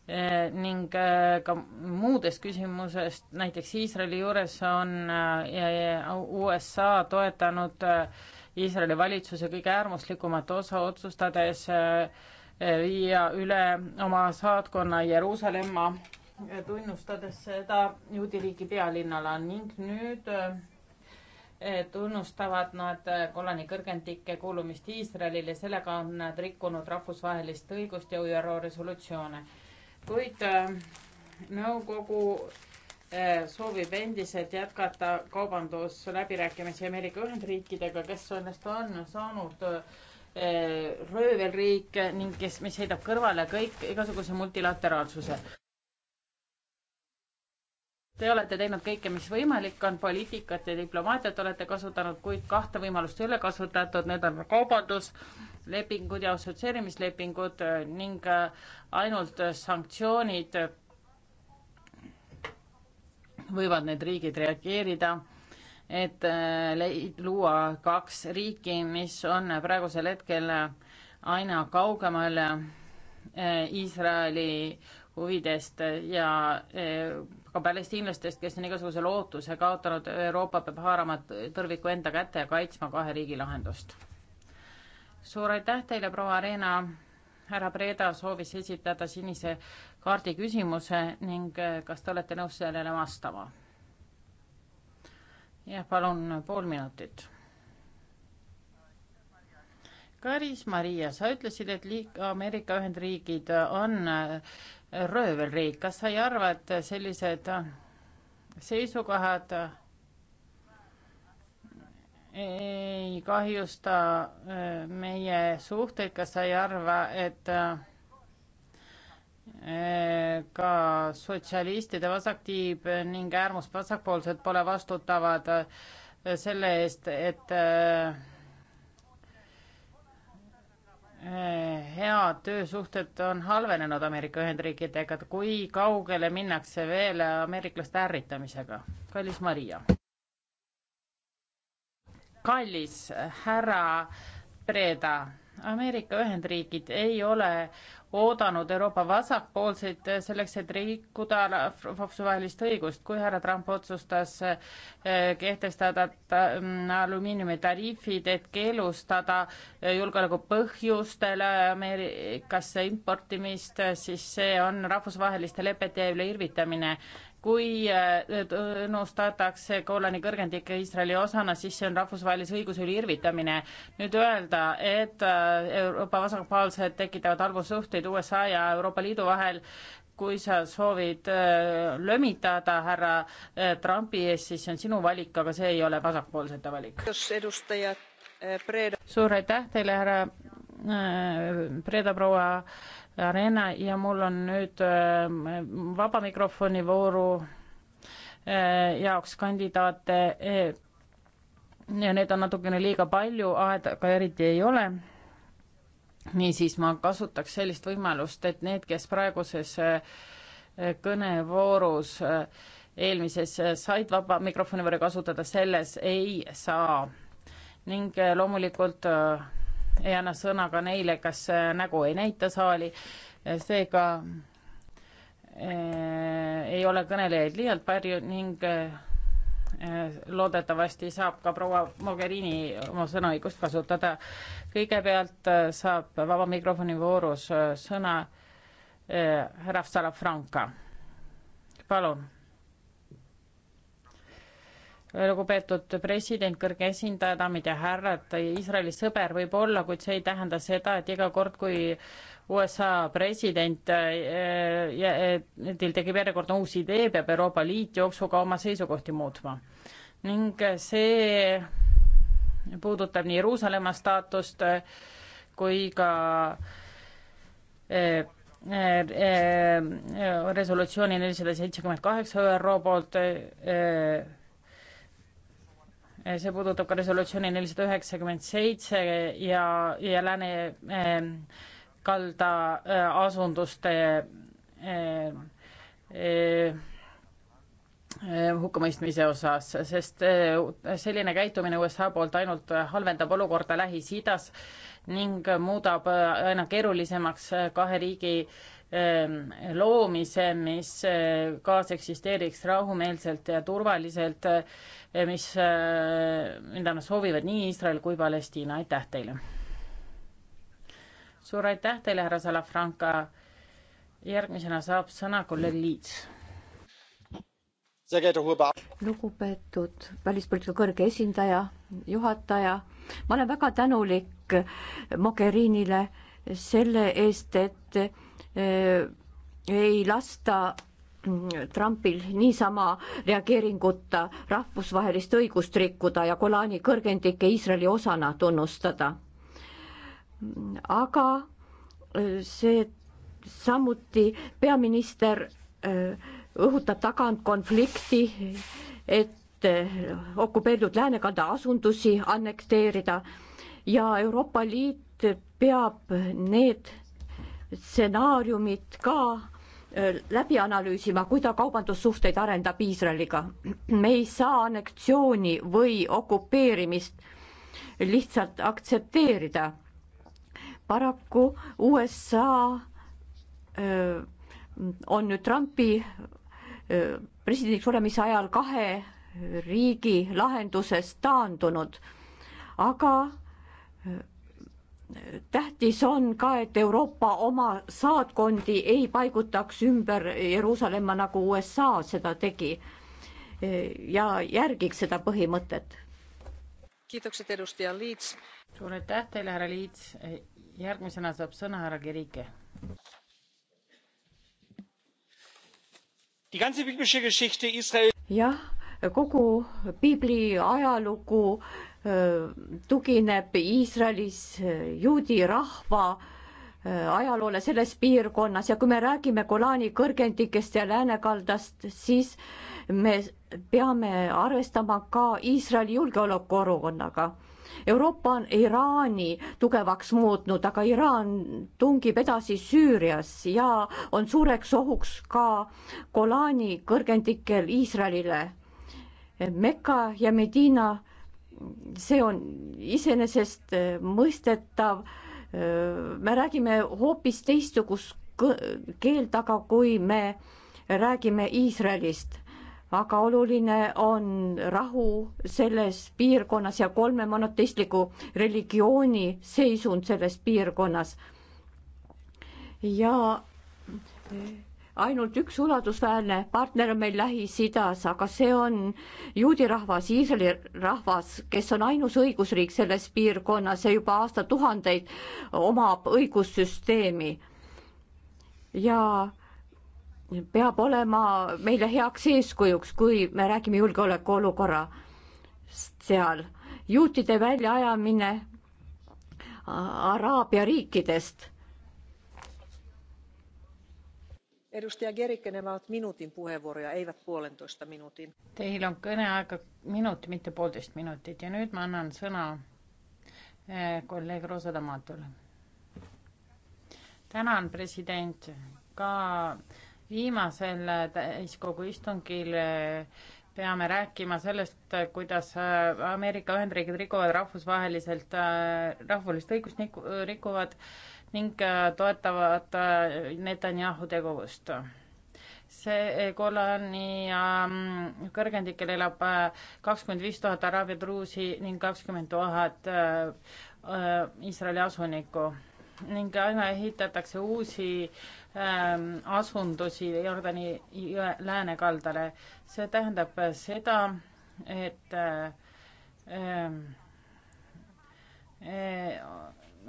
Eh, ning eh, ka muudest küsimusest, näiteks Iisraeli juures on eh, USA toetanud Iisraeli valitsuse kõige äärmuslikumat osa, otsustades viia üle oma saatkonna Jeruusalemma, tunnustades seda juudi riigi pealinnala ning nüüd tunnustavad nad Golani kõrgendike kuulumist Iisraelile, sellega on nad rikkunud rahvusvahelist õigust ja ÜRO resolutsioone kuid äh, nõukogu äh, soovib endiselt jätkata kaubandusläbirääkimisi Ameerika Ühendriikidega, kes sellest on saanud äh, röövelriik ning kes, mis heidab kõrvale kõik igasuguse multilateraalsuse. Te olete teinud kõike, mis võimalik on, poliitikat ja diplomaatiat olete kasutanud, kuid kahte võimalust ei ole kasutatud, need on kaubandus lepingud ja assotsieerimislepingud ning äh, ainult sanktsioonid võivad need riigid reageerida, et äh, leid, luua kaks riiki, mis on praegusel hetkel aina kaugemal äh, Iisraeli huvidest ja ka palestiinlastest, kes on igasuguse lootuse kaotanud, Euroopa peab haarama tõrviku enda kätte ja kaitsma kahe riigi lahendust suur aitäh teile, proua Reena. härra Breda soovis esitada sinise kaardi küsimuse ning eh, kas te olete nõus sellele vastama? jah, palun pool minutit. Karis Maria, sa ütlesid, et liik-, Ameerika Ühendriigid on eh, röövelriik, kas sa ei arva, et sellised eh, seisukohad ei kahjusta äh, meie suhteid, kas sa ei arva, et äh, ka sotsialistide vasaktiib ning äärmusvasakpoolsed pole vastutavad äh, selle eest, et head töösuhted on halvenenud Ameerika Ühendriikidega, et kui kaugele minnakse veel ameeriklaste ärritamisega? kallis Maria kallis härra Preda. Ameerika Ühendriigid ei ole oodanud Euroopa vasakpoolseid selleks, et rikkuda rahvusvahelist õigust, kui härra Trump otsustas eh, kehtestada mm, alumiiniumi tariifid, et keelustada julgeoleku põhjustele Ameerikasse importimist, siis see on rahvusvaheliste lepete üle irvitamine kui eh, tunnustatakse eh, Golani kõrgendik Iisraeli osana, siis see on rahvusvahelise õiguse üle irvitamine. nüüd öelda, et eh, Euroopa vasakpoolsed tekitavad halbu suhteid USA ja Euroopa Liidu vahel, kui sa soovid lömitada härra Trumpi ees, siis see on sinu valik, aga see ei ole vasakpoolsete valik. suur aitäh teile, härra Preda proua Arena ja mul on nüüd äh, vaba mikrofoni vooru äh, jaoks kandidaate. Äh, need on natukene liiga palju, aega eriti ei ole. niisiis ma kasutaks sellist võimalust, et need, kes praeguses kõnevoorus eelmises said vaba mikrofoni võrra kasutada, selles ei saa. ning loomulikult ei anna sõna ka neile, kes äh, nägu ei näita saali, seega äh, ei ole kõnelejaid liialt palju ning äh, loodetavasti saab ka proua Mogherini oma sõnaõigust kasutada. kõigepealt saab vaba mikrofoni voorus sõna härra Salafranca. palun lugupeetud president, kõrge esindaja, daamid ja härrad, Iisraeli sõber võib olla, kuid see ei tähenda seda, et iga kord, kui USA president äh, teil tekib järjekordne uus idee, peab Euroopa Liit jooksuga oma seisukohti muutma. ning see puudutab nii Jeruusalemma staatust kui ka äh, äh, resolutsiooni nelisada seitsekümmend kaheksa ÜRO poolt Eh, see puudutab ka resolutsiooni nelisada üheksakümmend seitse ja, ja lääne eh, kalda eh, asunduste eh, eh, eh hukkamõistmise osas, sest selline käitumine USA poolt ainult halvendab olukorda Lähis-Idas ning muudab aina keerulisemaks kahe riigi Ähm, loomise, mis äh, kaaseksisteeriks rahumeelselt ja turvaliselt, äh, mis, äh, mida nad soovivad nii Iisrael kui Palestiina, aitäh teile! suur aitäh teile, härra Salafranca, järgmisena saab sõna kolleeg Liits. lugupeetud välispoliitika kõrge esindaja, juhataja, ma olen väga tänulik Mogherinile selle eest, et Äh, ei lasta mm, Trumpil niisama reageeringuta rahvusvahelist õigust rikkuda ja Golani kõrgendikke Iisraeli osana tunnustada. aga äh, see samuti peaminister äh, õhutab tagant konflikti, et okupeeritud läänekanda asundusi annekteerida ja Euroopa Liit peab need stsenaariumid ka läbi analüüsima, kui ta kaubandussuhteid arendab Iisraeliga. me ei saa anneksiooni või okupeerimist lihtsalt aktsepteerida. paraku USA öö, on nüüd Trumpi öö, presidendiks olemise ajal kahe riigi lahendusest taandunud, aga öö, tähtis on ka, et Euroopa oma saatkondi ei paigutaks ümber Jeruusalemma, nagu USA seda tegi ja järgiks seda põhimõtet. kiitokset, edustaja Liits. suur aitäh teile, härra Liits. järgmisena saab sõna härra Kirike. jah, kogu piibli ajalugu äh, tugineb Iisraelis juudi rahva äh, ajaloole selles piirkonnas ja kui me räägime Golani kõrgendikest ja läänekaldast, siis me peame arvestama ka Iisraeli julgeolekuolukonnaga. Euroopa on Iraani tugevaks muutnud, aga Iraan tungib edasi Süürias ja on suureks ohuks ka Golani kõrgendikel Iisraelile. Mekka ja Medina see on iseenesestmõistetav. Äh, äh, me räägime hoopis teistsugust keelt, aga kui me räägime Iisraelist, aga oluline on rahu selles piirkonnas ja kolme monoteistliku religiooni seisund selles piirkonnas. ja äh, ainult üks ulatusväärne partner on meil Lähis-Idas, aga see on juudi rahvas, Iisraeli rahvas, kes on ainus õigusriik selles piirkonnas ja juba aastatuhandeid omab õigussüsteemi. ja peab olema meile heaks eeskujuks, kui me räägime julgeolekuolukorra seal. juutide väljaajamine Araabia riikidest Teil on kõneaega minut, mitte poolteist minutit ja nüüd ma annan sõna eh, kolleeg Roosa Tamatule. tänan, president, ka viimasel täiskogu istungil eh, peame rääkima sellest, kuidas eh, Ameerika Ühendriigid rikuvad rahvusvaheliselt, rahvusvahelist õigust rikuvad ning äh, toetavad äh, Netanyahu tegevust. see koloni äh, mm, kõrgendikel elab kakskümmend viis tuhat araabia truusi ning kakskümmend tuhat Iisraeli asunikku ning aina ehitatakse uusi ähm, asundusi Jordani jõe läänekaldale. see tähendab seda, et ähm, äh,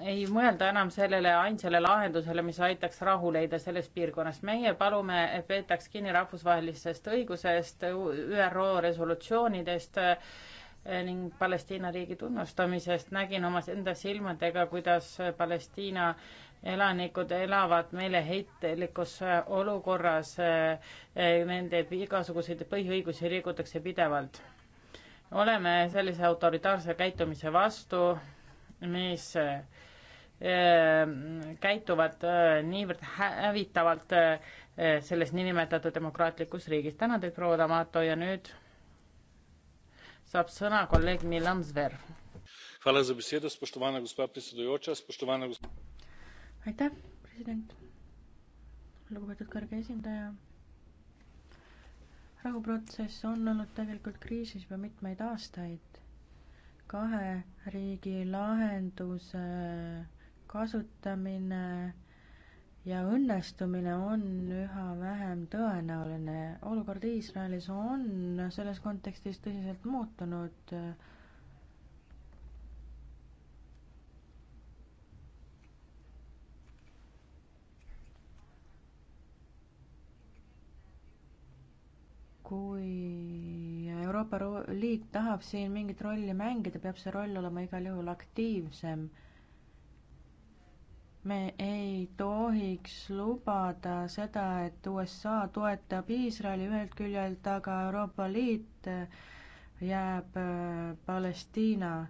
ei mõelda enam sellele ainsale lahendusele, mis aitaks rahu leida selles piirkonnas. meie palume, et peetaks kinni rahvusvahelisest õigusest, ÜRO resolutsioonidest eh, ning Palestiina riigi tunnustamisest. nägin oma enda silmadega, kuidas Palestiina elanikud elavad meeleheitlikus eh, olukorras. Eh, nende igasuguseid põhiõigusi rikutakse pidevalt. oleme sellise autoritaarse käitumise vastu mis eh, käituvad eh, niivõrd hävitavalt eh, selles niinimetatud demokraatlikus riigis. tänan teid, proua D'Amato ja nüüd saab sõna kolleeg Milan Zver. aitäh, president, lugupeetud kõrge esindaja. rahuprotsess on olnud tegelikult kriisis juba mitmeid aastaid kahe riigi lahenduse kasutamine ja õnnestumine on üha vähem tõenäoline. olukord Iisraelis on selles kontekstis tõsiselt muutunud. kui Euroopa Liit tahab siin mingit rolli mängida, peab see roll olema igal juhul aktiivsem. me ei tohiks lubada seda, et USA toetab Iisraeli ühelt küljelt, aga Euroopa Liit äh, jääb äh, Palestiina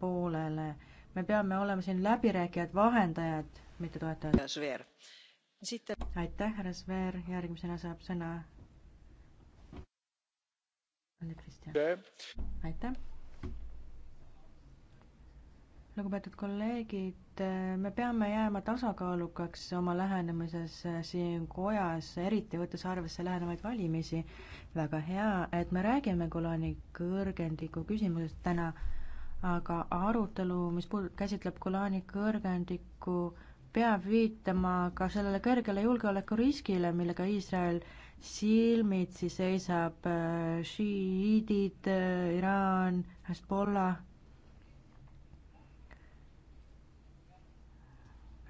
poolele. me peame olema siin läbirääkijad, vahendajad, mitte toetajad. aitäh, härra Sveer, järgmisena saab sõna palju, Kristjan. aitäh. lugupeetud kolleegid, me peame jääma tasakaalukaks oma lähenemises siin kojas, eriti võttes arvesse lähenevaid valimisi. väga hea, et me räägime Golani kõrgendiku küsimusest täna, aga arutelu, mis puud-, käsitleb Golani kõrgendikku, peab viitama ka sellele kõrgele julgeolekuriskile, millega Iisrael äh, silmitsi seisab äh, šiiidid, äh, Iraan, Hezbollah.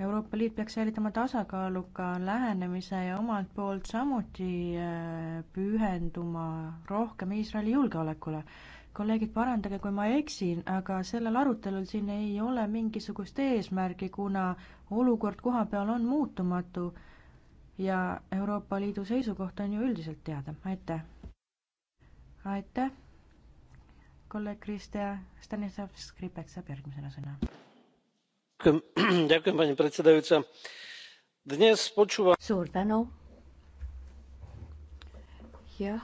Euroopa Liit peaks säilitama tasakaaluka lähenemise ja omalt poolt samuti äh, pühenduma rohkem Iisraeli julgeolekule. kolleegid, parandage, kui ma eksin, aga sellel arutelul siin ei ole mingisugust eesmärgi, kuna olukord kohapeal on muutumatu ja Euroopa Liidu seisukoht on ju üldiselt teada, aitäh. aitäh, kolleeg Kristja, Stanislav Skripek saab järgmisena sõna. suur tänu. jah,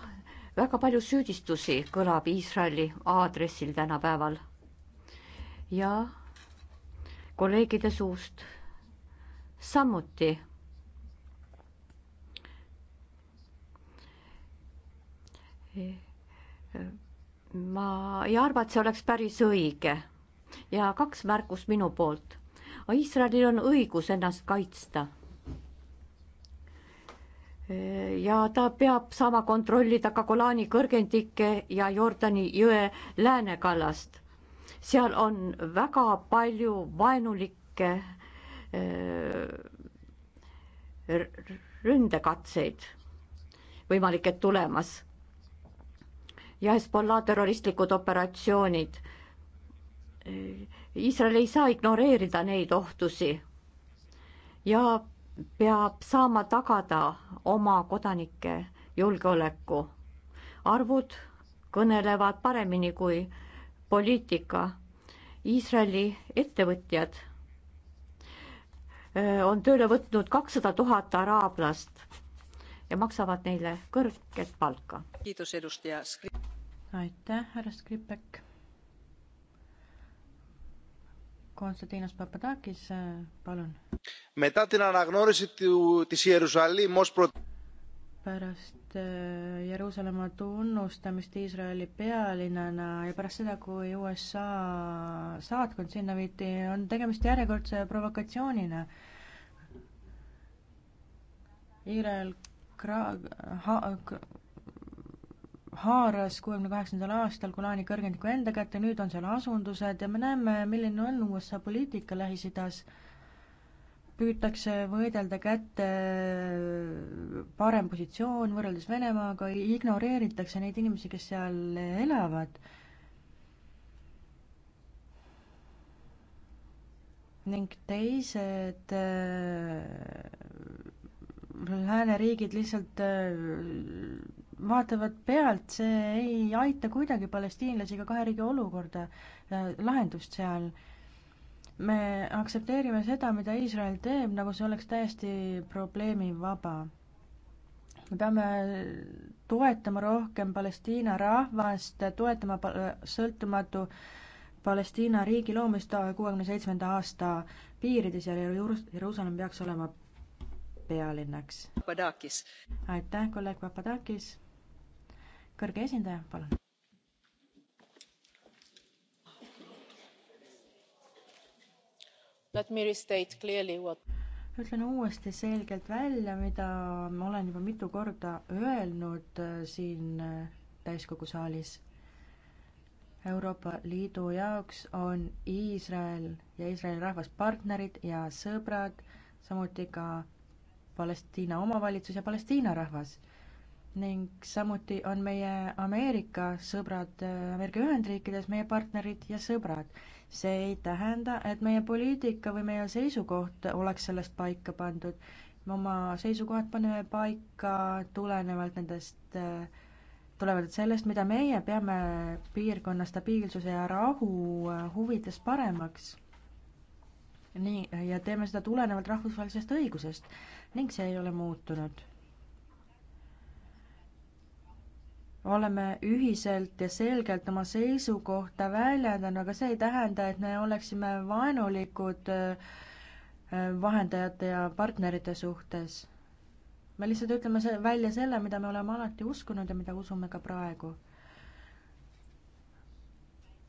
väga palju süüdistusi kõlab Iisraeli aadressil tänapäeval ja kolleegide suust samuti ma ei arva, et see oleks päris õige. ja kaks märkust minu poolt. Iisraelil on õigus ennast kaitsta. ja ta peab saama kontrollida ka Golani kõrgendikke ja Jordani jõe läänekallast. seal on väga palju vaenulikke äh, ründekatseid võimalik, et tulemas ja Hezbollah terroristlikud operatsioonid. Iisrael ei saa ignoreerida neid ohtusi ja peab saama tagada oma kodanike julgeoleku. arvud kõnelevad paremini kui poliitika. Iisraeli ettevõtjad on tööle võtnud kakssada tuhat araablast ja maksavad neile kõrget palka aitäh, härra Skripek. Konstantinos Papadakis, palun. pärast äh, Jeruusalemma tunnustamist Iisraeli pealinnana ja pärast seda, kui USA saatkond sinna viidi, on tegemist järjekordse provokatsioonina. Iisrael haaras kuuekümne kaheksandal aastal Golani kõrgendiku enda kätte, nüüd on seal asundused ja me näeme, milline on USA poliitika Lähis-Idas. püütakse võidelda kätte parem positsioon võrreldes Venemaaga, ignoreeritakse neid inimesi, kes seal elavad ning teised äh, lääneriigid lihtsalt äh, vaatavad pealt, see ei aita kuidagi palestiinlasi ega ka kahe riigi olukorda, äh, lahendust seal. me aktsepteerime seda, mida Iisrael teeb, nagu see oleks täiesti probleemivaba. me peame toetama rohkem Palestiina rahvast, toetama sõltumatu Palestiina riigi loomist kuuekümne seitsmenda aasta piirides ja Jeruusalemm peaks olema pealinnaks. aitäh, kolleeg Papadakis kõrge esindaja, palun. Let me restate clearly what ütlen uuesti selgelt välja, mida ma olen juba mitu korda öelnud äh, siin äh, täiskogu saalis. Euroopa Liidu jaoks on Iisrael ja Iisraeli rahvas partnerid ja sõbrad, samuti ka Palestiina omavalitsus ja Palestiina rahvas ning samuti on meie Ameerika sõbrad äh, Ameerika Ühendriikides meie partnerid ja sõbrad. see ei tähenda, et meie poliitika või meie seisukoht oleks sellest paika pandud. oma seisukohad paneme paika tulenevalt nendest, äh, tulenevalt sellest, mida meie peame piirkonna stabiilsuse ja rahu äh, huvides paremaks. nii, ja teeme seda tulenevalt rahvusvahelisest õigusest ning see ei ole muutunud oleme ühiselt ja selgelt oma seisukohta väljendanud, aga see ei tähenda, et me oleksime vaenulikud äh, äh, vahendajate ja partnerite suhtes. me lihtsalt ütleme see, välja selle, mida me oleme alati uskunud ja mida usume ka praegu.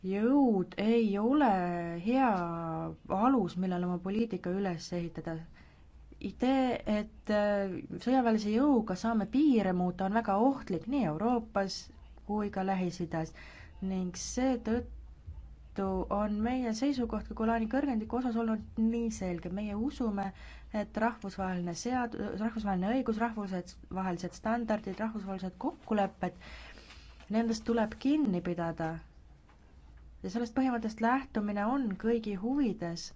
jõud ei ole hea alus, millele oma poliitika üles ehitada idee, et äh, sõjaväelise jõuga saame piire muuta, on väga ohtlik nii Euroopas kui ka Lähis-Idas ning seetõttu on meie seisukoht ka Golani kõrgendiku osas olnud nii selge, meie usume, et rahvusvaheline sead-, rahvusvaheline õigus, rahvusvahelised standardid, rahvusvahelised kokkulepped, nendest tuleb kinni pidada. ja sellest põhimõttest lähtumine on kõigi huvides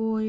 kui